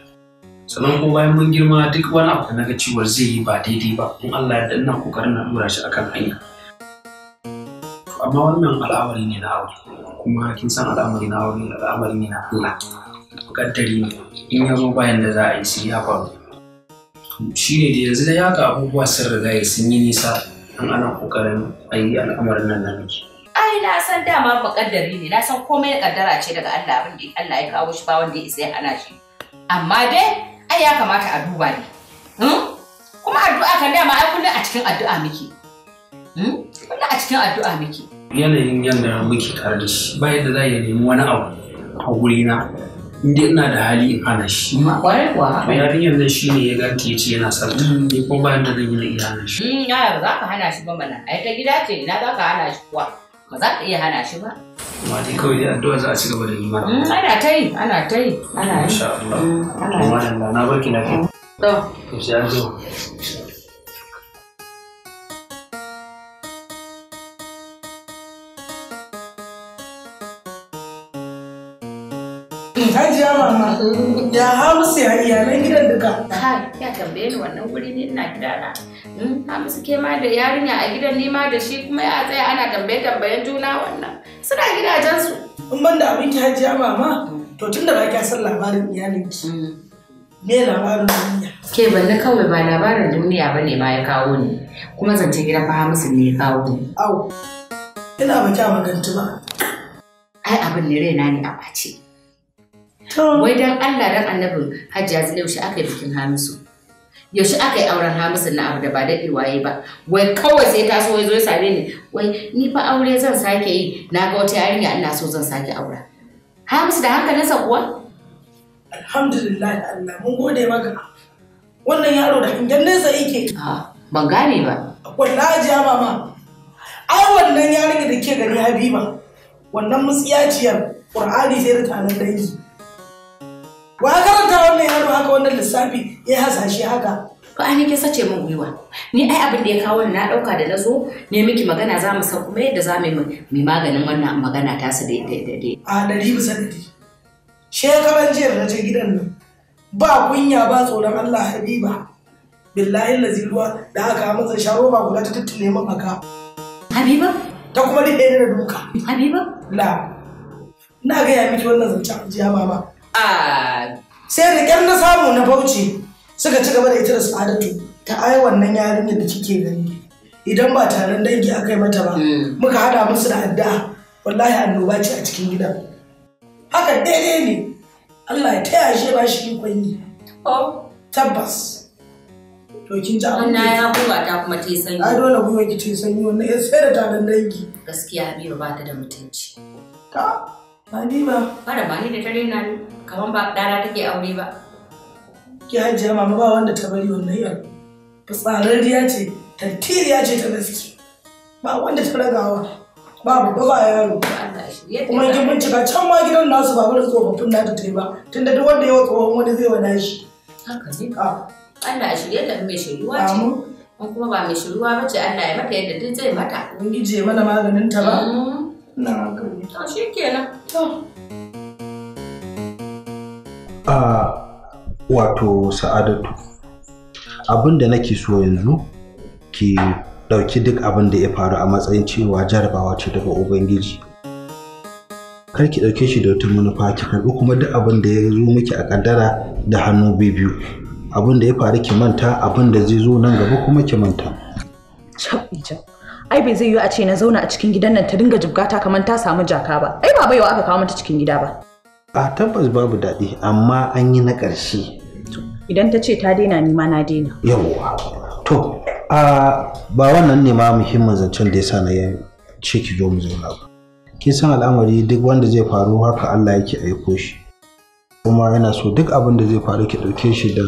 sannan kuma bayan mun girma duk wani abu da naga ciwar zai yi ba daidai ba in Allah ya danna kokarin na dora shi akan hanya amma wannan al'amari ne na aure kuma kin san al'amari na aure al'amari ne na Allah kaddari ne in ya zo bayan da za a yi sai ya faru shi da yanzu da ya ga abubuwa sun riga sun yi nisa an ana kokarin ayi yi al'amarin nan namiji. ai na san dama makaddari ne na san komai kaddara ce daga Allah abin da Allah ya kawo shi ba wanda ya isa ya shi amma dai ai ya kamata a duba ne hmm? kuma addu'a kan dama ai kullum a cikin addu'a muke hmm? kullum a cikin addu'a muke yanayin yanda muke tare da shi ba yadda za ya nemi wani abu a gurina inda ina da hali in hana shi. Kwaye kuwa haka. Yarinyar nan shi ne ya ganta ya ce yana sarta. Mm. Ni ko ba da zan yi na iya hana shi. Mm, ya ba za ka hana shi ba mana. Ai ta gida ce ina za ka hana shi kuwa. Ba za ka iya hana shi ba. Ma dai kawai dai addu'a za a ci gaba da yi mana. Mm, ana ta yi ana ta yi ana yi. Masha Allah. Ana yi. Na barki na kai. To. To sai an zo. gida mama. Ya Hamisu ya iyalan gidan duka. Kai, ya tambaye ni wannan guri ne ina gidana. Hmm, Hamisu ke ma da yarinya a gidan ni ma da shi kuma ya tsaya ana tambaye tambayen juna wannan. Suna gidajensu. In ban da abin ki hajiya mama, to tun da ba kya san labarin iyalinki. Hmm. Me labarin duniya? Ke balle kawai ba labarin duniya ba ne ma ya kawo ni. Kuma zance gidan fa Hamisu ne ya kawo ni. Au, ina ba kya maganci ba. Ai abin ne raina ne a ɓace. Wai dan Allah dan annabin Hajji Yazid yaushe aka yi bikin Hamisu. Yaushe aka yi auren Hamisu na abu da ba daɗi waye ba. Wai kawai sai ta so ya zo ya same ni. Wai ni fa aure zan sake yi na ga wata yarinya ina so zan sake aura. Hamisu da hankalinsa kuwa? Alhamdulillah Allah mun gode maka. Wannan yaro da hangen nesa yake. Ban gane ba. Wallahi ja mama. Ai wannan yarinya da ke gani Habiba. Wannan mutsiyaciyar Qur'ani sai da tanan dangi. wa karanta wannan yaro haka wannan lissafi ya hasashe haka ba ni nake sace min gwiwa ni ai abin da ya kawo na dauka da nazo ne miki magana za mu san kuma yadda za mu yi maganin wannan magana ta su daidai a dari bisa dari shekaran jiya na ce gidan nan ba kunya ba tsoron Allah habiba billahi lazi ruwa da aka masa sharo ba kula ta tattune min aka habiba ta kuma rike da duka habiba la na ga ya miki wannan zancen jiya mama sai riƙar na samu na bauchi suka ci gaba da ita da sa'adatu ta ai wannan yarinyar da kike gani idan ba taron dangi aka mata ba hmm. muka hada musu da addu'a wallahi annoba ce a cikin gidan haka daidai ne Allah ya taya shi ba shi ikon yi oh. tabbas to kin ji abin na ya kuma ta kuma ta sanyi a dole kuma ki ta sanyi wannan sai da taron dangi gaskiya Habiba ba ta da mutunci ta Ba ni ba. Mara ba ni da tare na kaman ba ɗana take aure ba. Ki hajiya mama ba wanda ta bari wannan yar. Fitsararriya ce, tantiriya ce ta gaske. Ba wanda ta ragawa. Ba babba ba yaro. Kuma kin bincika can ma gidan nasu ba wani tsofaffin nata ta yi ba. Tunda duk wanda ya wa tsohon wani zai wada shi. Haka ne. Ah. Allah a shirye da mai shiruwa ce. kuma ba mai shiruwa ba ce Allah ya mata yadda duk zai mata. Ubangiji ya mana maganin ta ba. Mm. wato sa'adatu abin da nake so yanzu ki ɗauki duk abin da ya faru a matsayin cewa jarabawa ce daga ubangiji kar ki ɗauke shi da wata manufa ki karɓi kuma duk abin da ya zo miki a ƙaddara da hannu biyu abin da ya faru ki manta abin da zai zo nan gaba kuma ki manta. ai bai zai yi a ce na zauna a cikin gidan nan ta dinga jibgata kamar ta samu jaka ba ai ba baiwa aka kawo mata cikin gida ba a tabbas babu daɗi amma an yi na ƙarshe idan ta ce ta daina ni ma na daina yawwa to a ba wannan ne ma muhimmin zancen da yasa na yi ce ki zo mu zauna ba kin san al'amari duk wanda zai faru haka Allah yake aiko shi kuma yana so duk abin da zai faru ki ɗauke shi da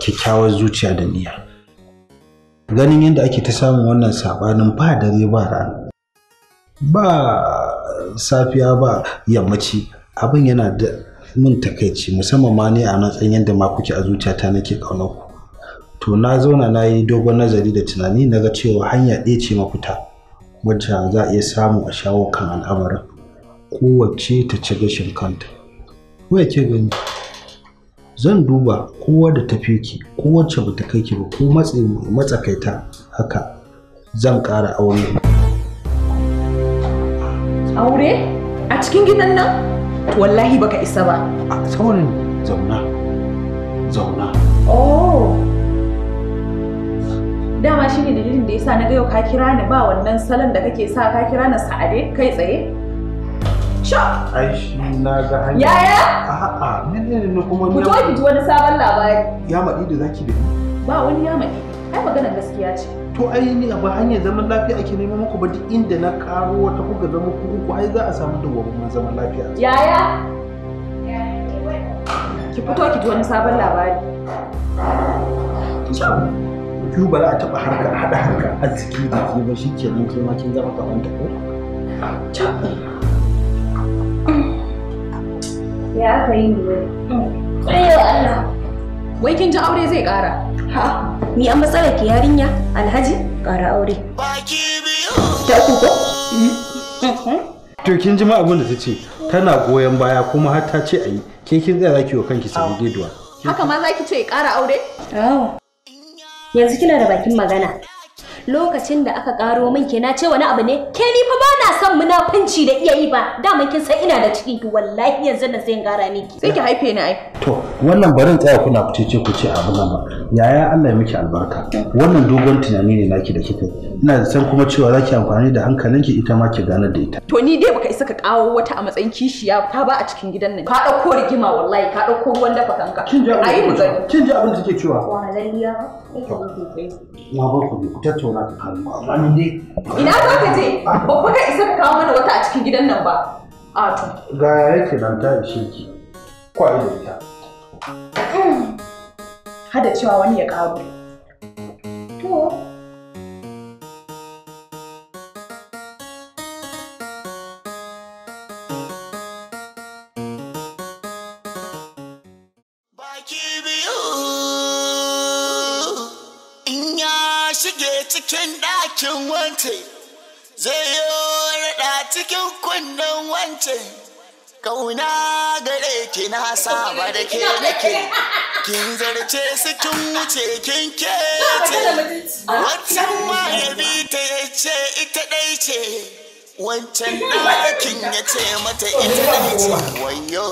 kyakkyawar zuciya da niyya ganin yadda ake ta samun wannan saɓanin ba dare ba rana ba safiya ba yammaci abin yana da mun takaici musamman ma ne a matsayin yadda ma kuke a zuciyata nake ƙaunar ku to na zauna na yi dogon nazari da tunani na ga cewa hanya ɗaya ce mafita wacce za a iya samu a shawo kan al'amarin kowace ta ci gashin kanta. ke gani? zan duba kowa da tafi ki ko wacce bata kai ki ba ko matsi matsakaita haka zan ƙara aure aure a cikin gidan nan to wallahi baka isa ba a tsawon zauna zauna oh dama shine dalilin da yasa na ga yau ka kira ni ba wannan salon da kake sa ka kira ni sa'ade kai tsaye Ai shi na ga hanyar. Yaya? A'a, menene ne kuma ni? Ku ki ji wani sabon labari. Ya maɗi da zaki da ni. Ba wani ya maɗi. Ai maganar gaskiya ce. To ai ni a ba hanyar zaman lafiya ake neman muku ba duk inda na karo wata kuka zama ku uku ai za a samu dawwammamin zaman lafiya. Yaya? Ki fito ki ji wani sabon labari. Ciao. biyu ba za a taɓa harkar haɗa harka arziki da ke ba shi ke nan ke ma kin zama kamar ta ko? Ya aka yi ne yau Allah. Wai kin ji aure zai ƙara. Ha, ni an matsalar ki yarinya Alhaji ƙara aure. Ta ko? Mm-hmm. To kin ji ma da ta ce tana goyon baya kuma har ta ce a yi ke kin tsaya zaki wa kanki samu giduwa. Haka ma zaki ce ƙara aure? Yanzu kina da bakin magana. lokacin da aka karo min ke na ce wani abu ne ke ni fa ba na son munafunci da iya yi ba dama kin san ina da ciki to wallahi yanzu na sai gara miki sai ki haife ni ai to wannan barin tsaya kuna fice ce ku ce abu nan ba yaya Allah ya miki albarka wannan dogon tunani ne naki da kika ina san kuma cewa zaki amfani da hankalinki ita ma ki ganar da ita to ni dai baka isa ka kawo wata a matsayin kishiya ta ba a cikin gidan nan ka dauko rigima wallahi ka dauko ruwan dafa kanka ayi mu gani kin ji abin da take cewa walalliya na ba ku ku tattauna ka kan amma ni dai ina za ka je ba ka isa ka kawo mana wata a cikin gidan nan ba a to ga yake nan ta ishe ki kwaye da ita hada cewa wani ya ƙaro. to wannan wancan kauna gare ki na saba da ke nake kin zarce su kin wuce kin kece wancan ma ya bi ta ya ce ita ɗai ce wancan ɗakin ya ce mata ita ɗai ce wayo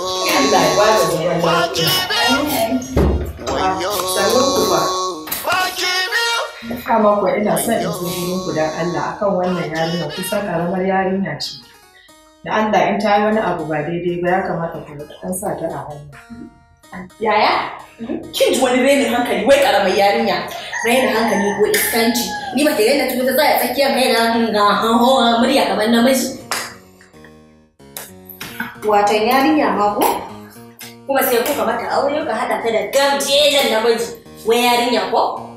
kama kuwa ina son in zo gurin gudan Allah akan wannan yarinya kusan karamar yarinya ce da Allah in ta yi wani abu ba daidai ba ya kamata ku dan sa ta a hannu yaya hmm? kin ji wani renin hankali wai karamar yarinya rainin hankali ko iskanci ni ba ta raina tuta za a tsakiyar kai na ga hanhowa murya kamar namiji watan yarinya ma ko kuma sai kuka mata aure ka hada ta da gamjejen namiji wai yarinya ko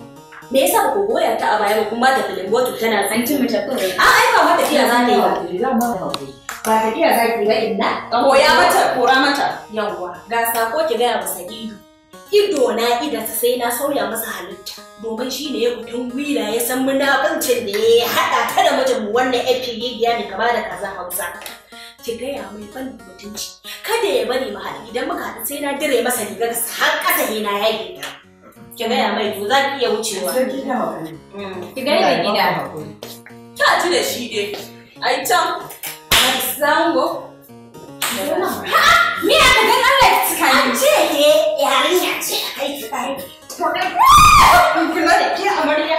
me yasa ba ku goya ta a baya ba kuma ta filin botu tana tsantin mutum A'a ai ba wata iya za ta yi ba ba ta iya zaki ba inna koya mata kora mata yawwa ga sako ki gaya masa ido ido na idansa sai na sauya masa halitta domin shi ne ya kutun gwila ya san munafancin da ya haɗa ta da mijin wannan fpd biya ne kama da kaza hausa ki gaya mai ban mutunci kada ya bari mu haɗu idan muka haɗu sai na dire masa rigar sa, har ƙasa ne na yaƙi ki gaya mai to za ki iya wucewa hmm, ki gaya gida ki ci da shi dai ai can zango Mira ka gan Allah ki cika ni. Ce ke yarinya ce a kai ki kai. In kula da ke amarya.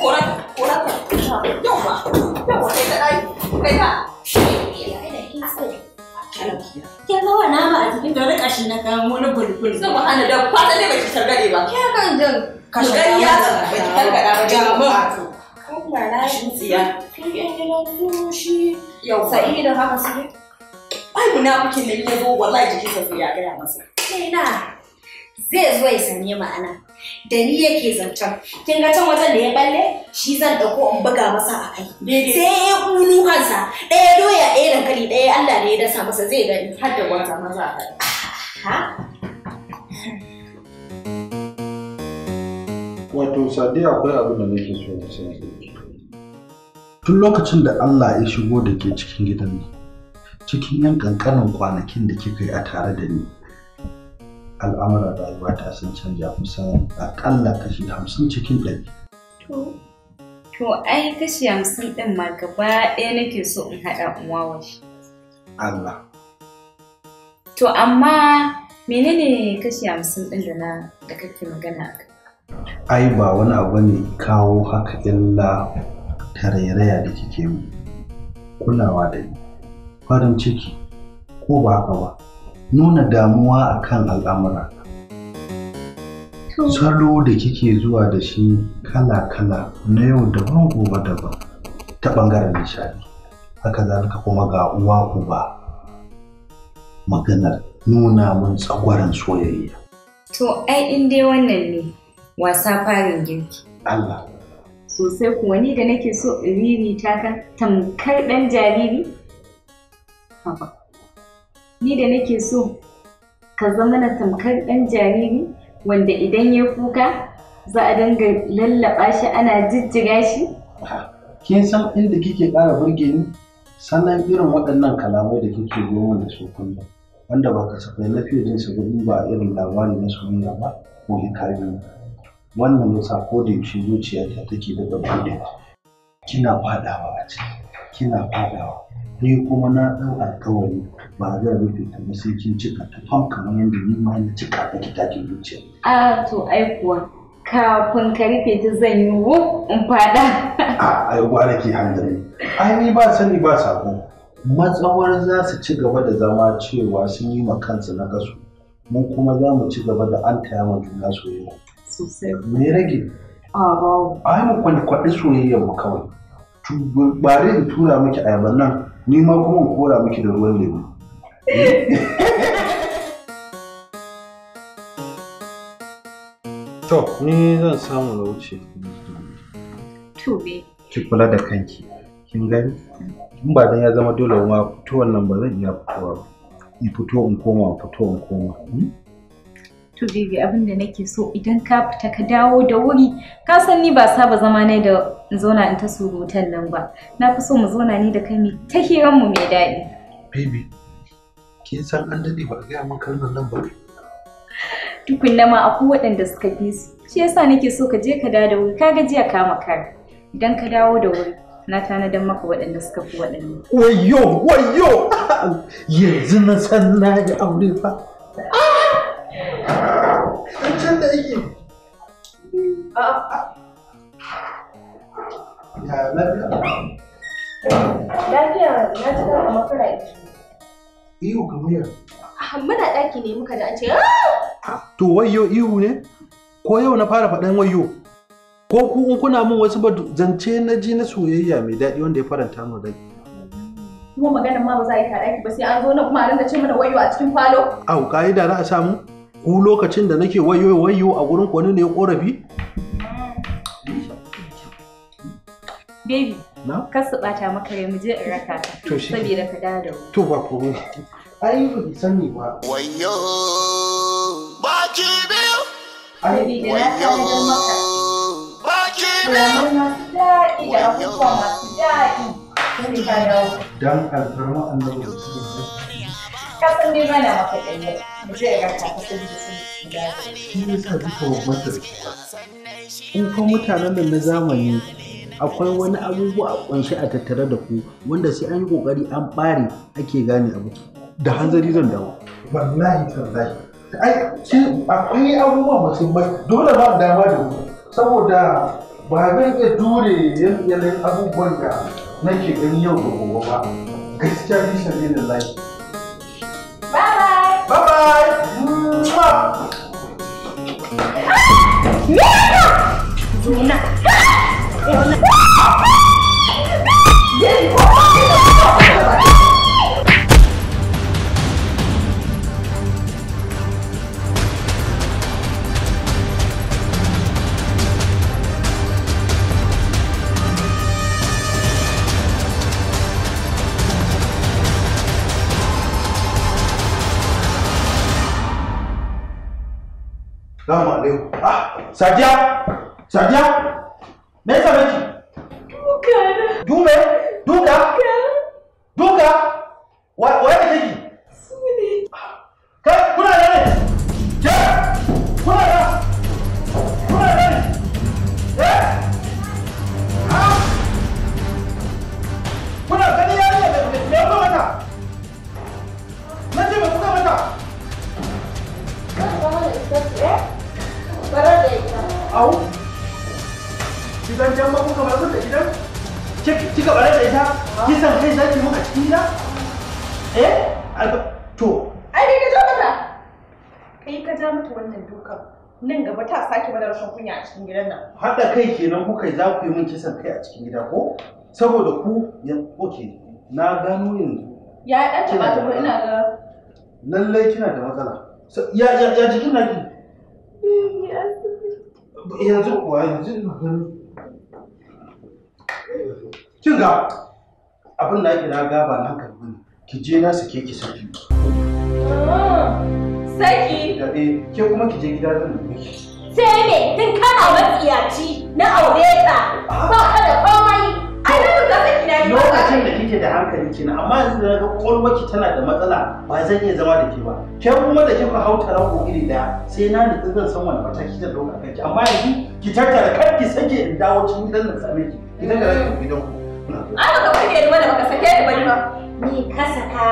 Kora kora ka. Yawa. Yawa kai ka dai. Kai ka. Ke kawo nama a cikin da rikashi na kamo na bulbul. Subhana da kwata ne baki targade ba. Ke kan jin. Kashi ya baki targada ba jama'a. Kan mara shi tsiya. Kan yan gidan kushi. yau sa'i da haka su ne ai munafikin ne ne go wallahi jikin sa ya gaya masa na, zai zo ya sanye ma'ana da ni yake zancan kin ga can wajen da ya balle shi zan dauko in buga masa a kai sai ya kulu kansa ɗaya doya ɗaya dankali ɗaya Allah ne ya dasa masa zai gani har da wata maza a kai ha wato sadiya akwai abin da nake so na sani tun lokacin da Allah ya shigo da ke cikin gidan cikin yan kankanin kwanakin da kika yi a tare da ni al'amuran rayuwa ta sun canja kusan akalla kashi hamsin cikin ɗari. To, to ai kashi hamsin ɗin ma gaba ɗaya nake so in haɗa uwa shi. Allah. To amma menene kashi hamsin ɗin da na da kake magana Ai ba wani abu ne kawo haka illa tarairaya da kike yi, kulawa da ni farin ciki ko ba haka ba nuna damuwa akan al'amura salo da kike zuwa da shi kala-kala na yau daban gobe daban ta ɓangaren nishadi haka zalika kuma ga uwa uba maganar nuna mun tsagwaran soyayya to ai in dai wannan ne wasa farin girki Allah sosai kuma ni da nake so in ta ka tamkar ɗan jariri haba ni da nake so ka zama na tamkar ɗan jariri wanda idan ya kuka za a dinga lallaɓa shi ana jijjiga shi kin san inda kike ƙara burge ni sannan irin waɗannan kalamai da kike goma da su kullum wanda ba kasafai na fiye jin su ba irin labarin na su ba ko hikayoyi wannan yasa ko da yaushe zuciyata take daga buɗe kina faɗawa a ciki kina faɗawa ni kuma na ɗau alkawari ba zan rufe ta ba sai kin cika ta fam kamar yadda ni ma na cika ta ki take zuciya a to ai kuwa kafin ka rufe ta zan yi wu in faɗa a ai gwara ki hanzari ai ni ba sani ba sako matsawar za su ci gaba da zama cewa sun yi ma kansu na kasu mu kuma za mu ci gaba da an taya ma juna soyayya sosai me rage a ba ai mu kwankwaɗi soyayyar mu kawai bare da tura miki ayaban nan ni ma kuma in kora miki da ruwan lemu to ni zan samu na wuce ki kula da kanki kin gani in ba dan ya zama dole ma fito nan ba zan iya fitowa in fito in koma fito in koma hmm? to baby abin da nake so idan ka fita ka dawo da wuri ka san ni ba saba zama ne da zauna in ta surutan nan ba na fi so mu zauna ni da kai mu ta hiran mu mai daɗi baby kin san an dade ba ga mun kalmar nan ba tukunna ma akwai waɗanda suka bi su shi yasa nake so ka je ka dawo da wuri ka jiya ka maka idan ka dawo da wuri na tanadar maka waɗanda suka fi waɗannan. Wayo, wayo! Yanzu na san na ji aure fa. Ah! Ɗan can da yake. Ya lafiya? Lafiya na ji kan kamar kana ihu. Ihu kamar yau. Muna ɗaki ne muka da an ce ah! To wayo ihu ne? Ko yau na fara faɗan wayo? Ko ku kuna min wasu ba zance na ji na soyayya mai daɗi wanda ya faranta mu rai. Kuma maganar ma ba za a yi kaɗaki ba sai an zo nan kuma a rinka ce mana wayo a cikin falo. Au ka'ida za a samu? ku lokacin da nake wayo wayo a gurin kwani ne korafi baby na ka su bata maka rai mu je in raka to saboda ka dawo to ba komai ai ku bi sani ba wayo baki biyu ai da na ka da maka baki biyu masu daɗi da abubuwa masu daɗi dan alfarma annabi sallallahu kasan ne ba maka ɗanye mu je ga ka kasan da sun ne sa duka in kuma mutanen da na zamani akwai wani abubuwa a kunshi a tattare da ku wanda sai an yi kokari an bare ake gane abu da hanzari zan dawo wallahi tallahi ai akwai abubuwa masu mai dole ba dama da ku saboda ba zan iya dure yanayin abubuwan da nake gani yau da gobe ba gaskiya bishan ne da lafiya 拜拜，出门。啊！你这个，你啊！你这个，alaikum ah sadiya sadiya me yasa miki duka duka gidan ba kuka ba da gidan kika bare da ita kisan kai zaki muka cikin gida eh to ai dai ka ja mata kai ka ja mata wannan dukan nan gaba ta sake mana rashin kunya a cikin gidan nan haɗa kai kenan kuka za ku yi min kisan kai a cikin gida ko saboda ku ya oke na gano yanzu ya ɗan taɓa ta ina ga lallai kina da matsala ya ya ya jikin naki yanzu kuwa yanzu na gano kin ga abin da ake na gaba na hankali bane ki je na sake ki saki oh, saki da ke kuma ki je gida zan da ki sai me tun kana matsiyaci na aure ta ba ka da komai ai na ga saki na lokacin da kike da hankali kina amma yanzu da ga ki tana da matsala ba zan iya zama da ke ba ke kuma da kika hauta rango iri daya sai na nutsu zan san wani mataki zan dauka kanki amma yanzu ki tattara kanki sake in dawo cikin gidan nan same ki ki tattara kanki gidan ku Ai baka fage ni bane baka sake ba. Ni ka saka.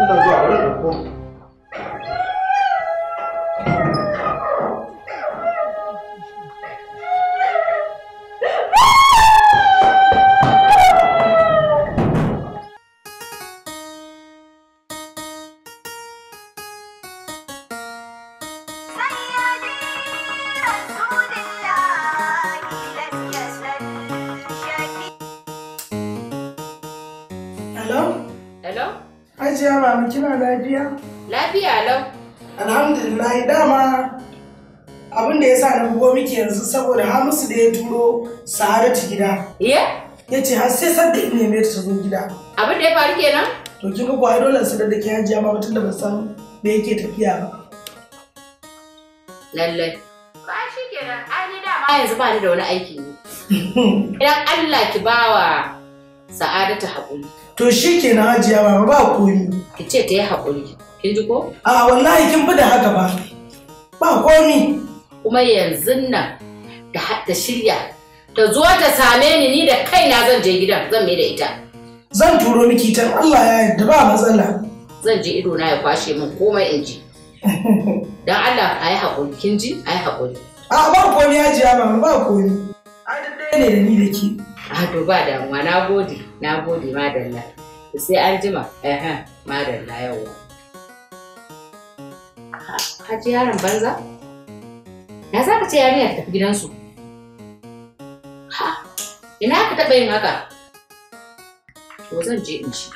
Ina zuwa bari gaskiya ba mu kina lafiya? Lafiya lau. Alhamdulillah dama abin da ya sa na bugo miki yanzu saboda Hamisu da ya turo Saratu gida. Ye? Ya ce har sai sadda in neme ta zo gida. Abin da ya faru kenan? To kin ga kuwa dole su da dake Hajiya ma da ban san me yake tafiya ba. Lallai. Ba shi kenan, ai ni dama yanzu ba ni da wani aiki ne. Idan Allah ki bawa ta haƙuri. To shi ke na hajiya ba ba haƙuri. Ki ce ta yi haƙuri. Kin ji ko? A wallahi kin fi da haka ba. Ba komi. Kuma yanzu nan da ta shirya ta zo ta same ni ni da kaina zan je gidan zan mai da ita. Zan turo miki ta Allah ya yarda ba matsala. Zan je ido na ya kwashe min komai in ji. Dan Allah a yi haƙuri kin ji a yi haƙuri. A ba komi hajiya ba ba komi. A duk ne da ni da ke. A to ba damuwa na gode. na gode madalla sai an jima ehem madalla yawa haji yaron banza na za ka ce yarinya ta tafi gidansu ina ka taɓa yin haka to zan je in ci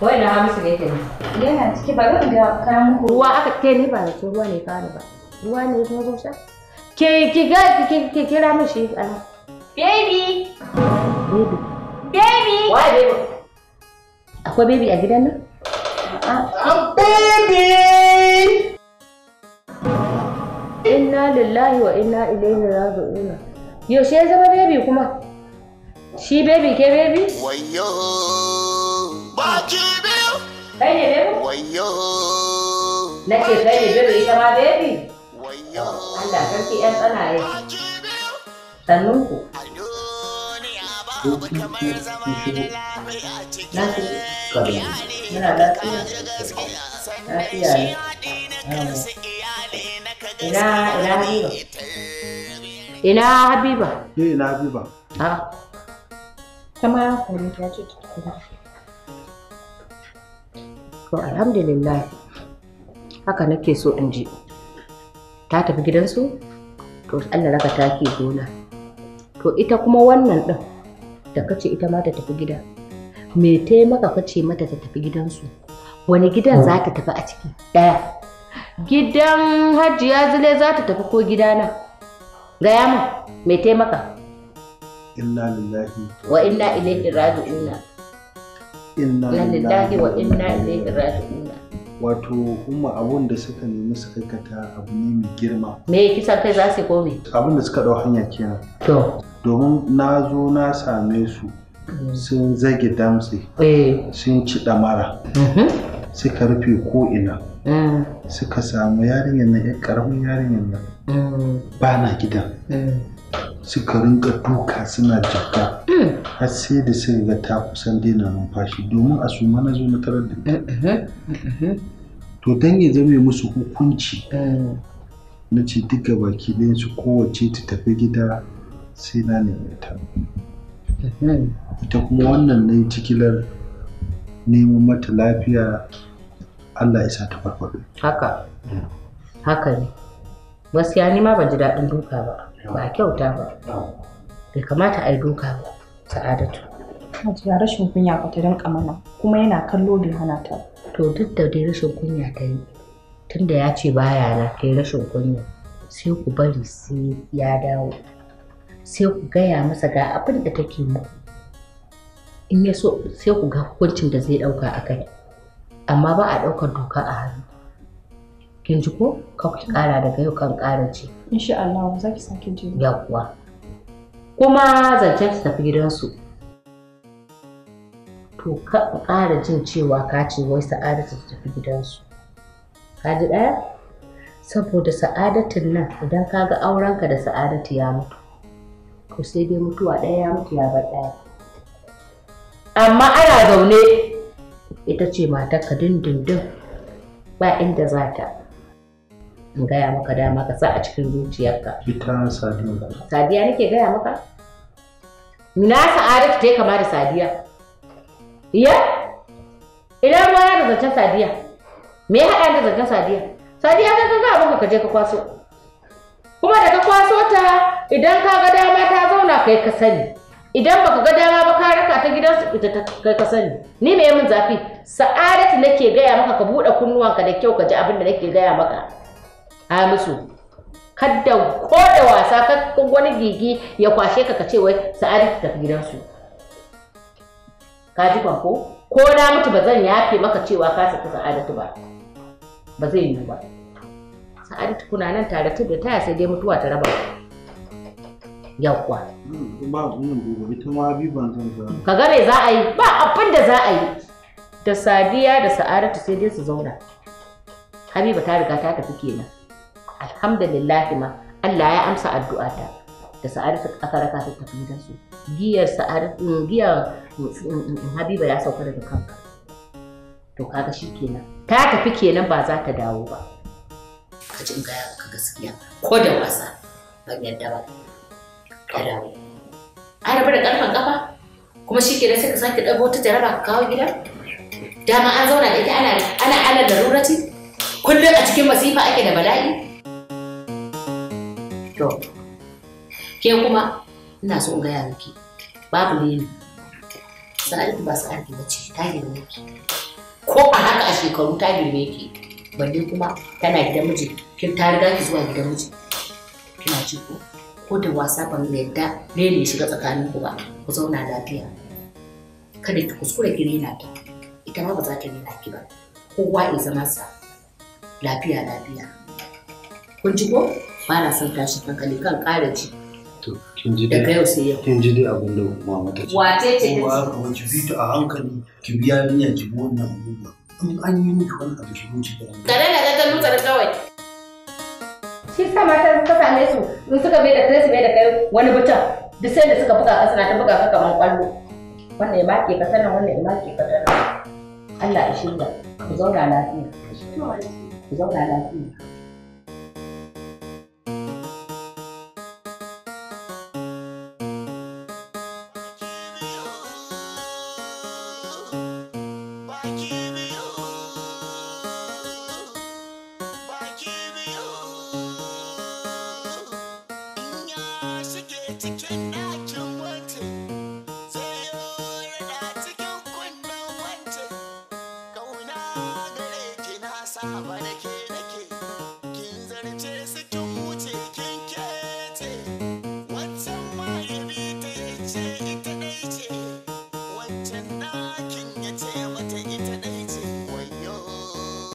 Wai na hamisu ne kenan. Yana ciki ba zan ga kayan muku. Ruwa aka ke ne ba da ruwa ne fara ba. Ruwa ne ya zo sha. Ki ki ki ki kira mishi Baby. Baby. Baby. Why baby? Akwai baby a gidan nan? Ah, baby. Inna lillahi wa inna ilaihi raji'un. Yaushe zama baby kuma? Shi baby ke baby? Wayo. Baki biyu. Kai ne baby? Wayo. Nake kai ne baby ita ma baby? Wayo. Allah sarki ƴan tsanaye. Sannun ku. Na Muna lafiya. Lafiya ne. Ina ina Habiba. Ina Habiba. ina Habiba. A. ta ce ta kula. To alhamdulillah. Haka nake so in ji. ta tafi gidansu to Allah raka ta ke gona to ita kuma wannan ɗin da kace ita ma ta tafi gida me ta maka kace mata ta tafi gidansu wani gidan za ta tafi a ciki ɗaya gidan hajiya zile za ta tafi ko gidana gaya min me ta maka inna lillahi wa inna ilaihi raji'un inna lillahi wa inna ilaihi raji'un wato umma abun da suka nemi su aikata abu ne mai girma me kisa kai za su kome abun da suka dau hanya kenan to domin na zo na same su sun zage Eh. sun ci damara mhm. suka rufe ko'ina mm. suka samu yarinyar nan 'yan karamin yarinyar nan mm. ba na gidan mm. suka rinka duka suna jikka eh. har sai da suka ga ta kusan daina numfashi domin a su mana zo na tarar da eh, eh, to dan ya zame musu hukunci na ce duka baki ɗayan su kowace ta tafi gida sai na nemi ta ita kuma wannan ne cikilar neman mata lafiya Allah ya sa ta farfaɗo haka haka ne gaskiya ni ma ban ji daɗin duka ba ba kyauta ba bai kamata a yi doka ba sa'adatu Hajiya rashin kunya ba ta rinka mana kuma yana kallo bai hana ta. To duk da dai rashin kunya ta yi tunda ya ce baya na kai rashin kunya sai ku bari sai ya dawo sai ku gaya masa ga abin da take mu in ya so sai ku ga hukuncin da zai ɗauka a kai amma ba a ɗaukar doka a hannu kin ji ko ka ƙara daga yau kan ƙara ce insha Allah za ki sake je yawwa kuma zancen ta tafi gidansu to ka ƙara jin cewa ka ce wai sa'adatu ta tafi gidansu ka ji ɗaya saboda sa'adatin nan idan ka ga aurenka da sa'adatu ya mutu to sai dai mutuwa ɗaya ya mutu ya bar ɗaya amma ana zaune ita ce matarka dindindin ba inda za ta in gaya maka dama ka sa a cikin zuciyarka. Ita sadiya ba. Sadiya nake gaya maka? Na sa'adat ta kama da sadiya. Iya? Ina ruwana da zancen sadiya. Me ya haɗa da zancen sadiya? Sadiya ta ga abin ka je ka kwaso. Kuma da ka kwaso ta idan ka ga dama ta zauna kai ka sani. Idan baka ga dama ba ka raka ta gidansu ita ta kai ka sani. Ni me min zafi? Sa'adat nake gaya maka ka buɗe kunnuwanka da kyau ka ji abin da nake gaya maka. Hamisu kadda ko da wasa ka wani gigi ya kwashe ka kace wai sa'adi ta tafi gidansu ka ji ko ko na mutu ba zan yafe maka cewa ka saki sa'adatu ba ba zai yi ba sa'adatu kuna nan tare da ta sai dai mutuwa ta raba yawwa hmm, ka ga me za a yi ba abin da za a yi da sadiya da sa'adatu sai dai su zauna habiba ta riga ta tafi kenan alhamdulillah ma Allah ya amsa ta da ta kasar ka ta tafi su giyar sa'adatu mm, giyar mm, mm, habiba ya sauka daga kanka to kaga shi kenan ta tafi kenan ba za ta dawo ba ka ji in gaya ka gaskiya ko da wasa ban yadda ba ka dawo a rabu da karfin kafa kuma shi kenan sai ka sake ɗago ta jaraba ka kawo gida dama an zauna da ita ana ana ana rurati kullum a cikin masifa ake da bala'i to ke kuma ina so in gaya miki babu ne sa'adu ba sa'adu ba ce ta girme ki ko a haka a shekaru ta girme ki balle kuma tana gidan miji kin ta riga ki zuwa gidan miji kina ji ko ko da wasa ban yadda ne ne shiga tsakanin ku ba ku zauna lafiya kada ki kuskure ki rena ta ita ma ba za ta rena ki ba kowa ya zama sa lafiya lafiya kun ji ko ba son tashi hankali kan kare ci. To, kin ji dai. kai sai yau. Kin ji dai abin da kuma mata ce. Wace ce ta ce? Kuma ki bi ta a hankali ki biya miya ki bi wannan abubuwa. In an yi miki wani abu ki wuce da. Kare da gaga lutsar kawai. Shi sa mata suka same su in suka bai da sai su bai da kai wani butan. Duk sai da suka buga ka suna ta buga ka kamar kwallo. Wannan ya make ka sanan wannan ya make ka sanan. Allah ya shirya. Ku zauna lafiya. Ku zauna lafiya.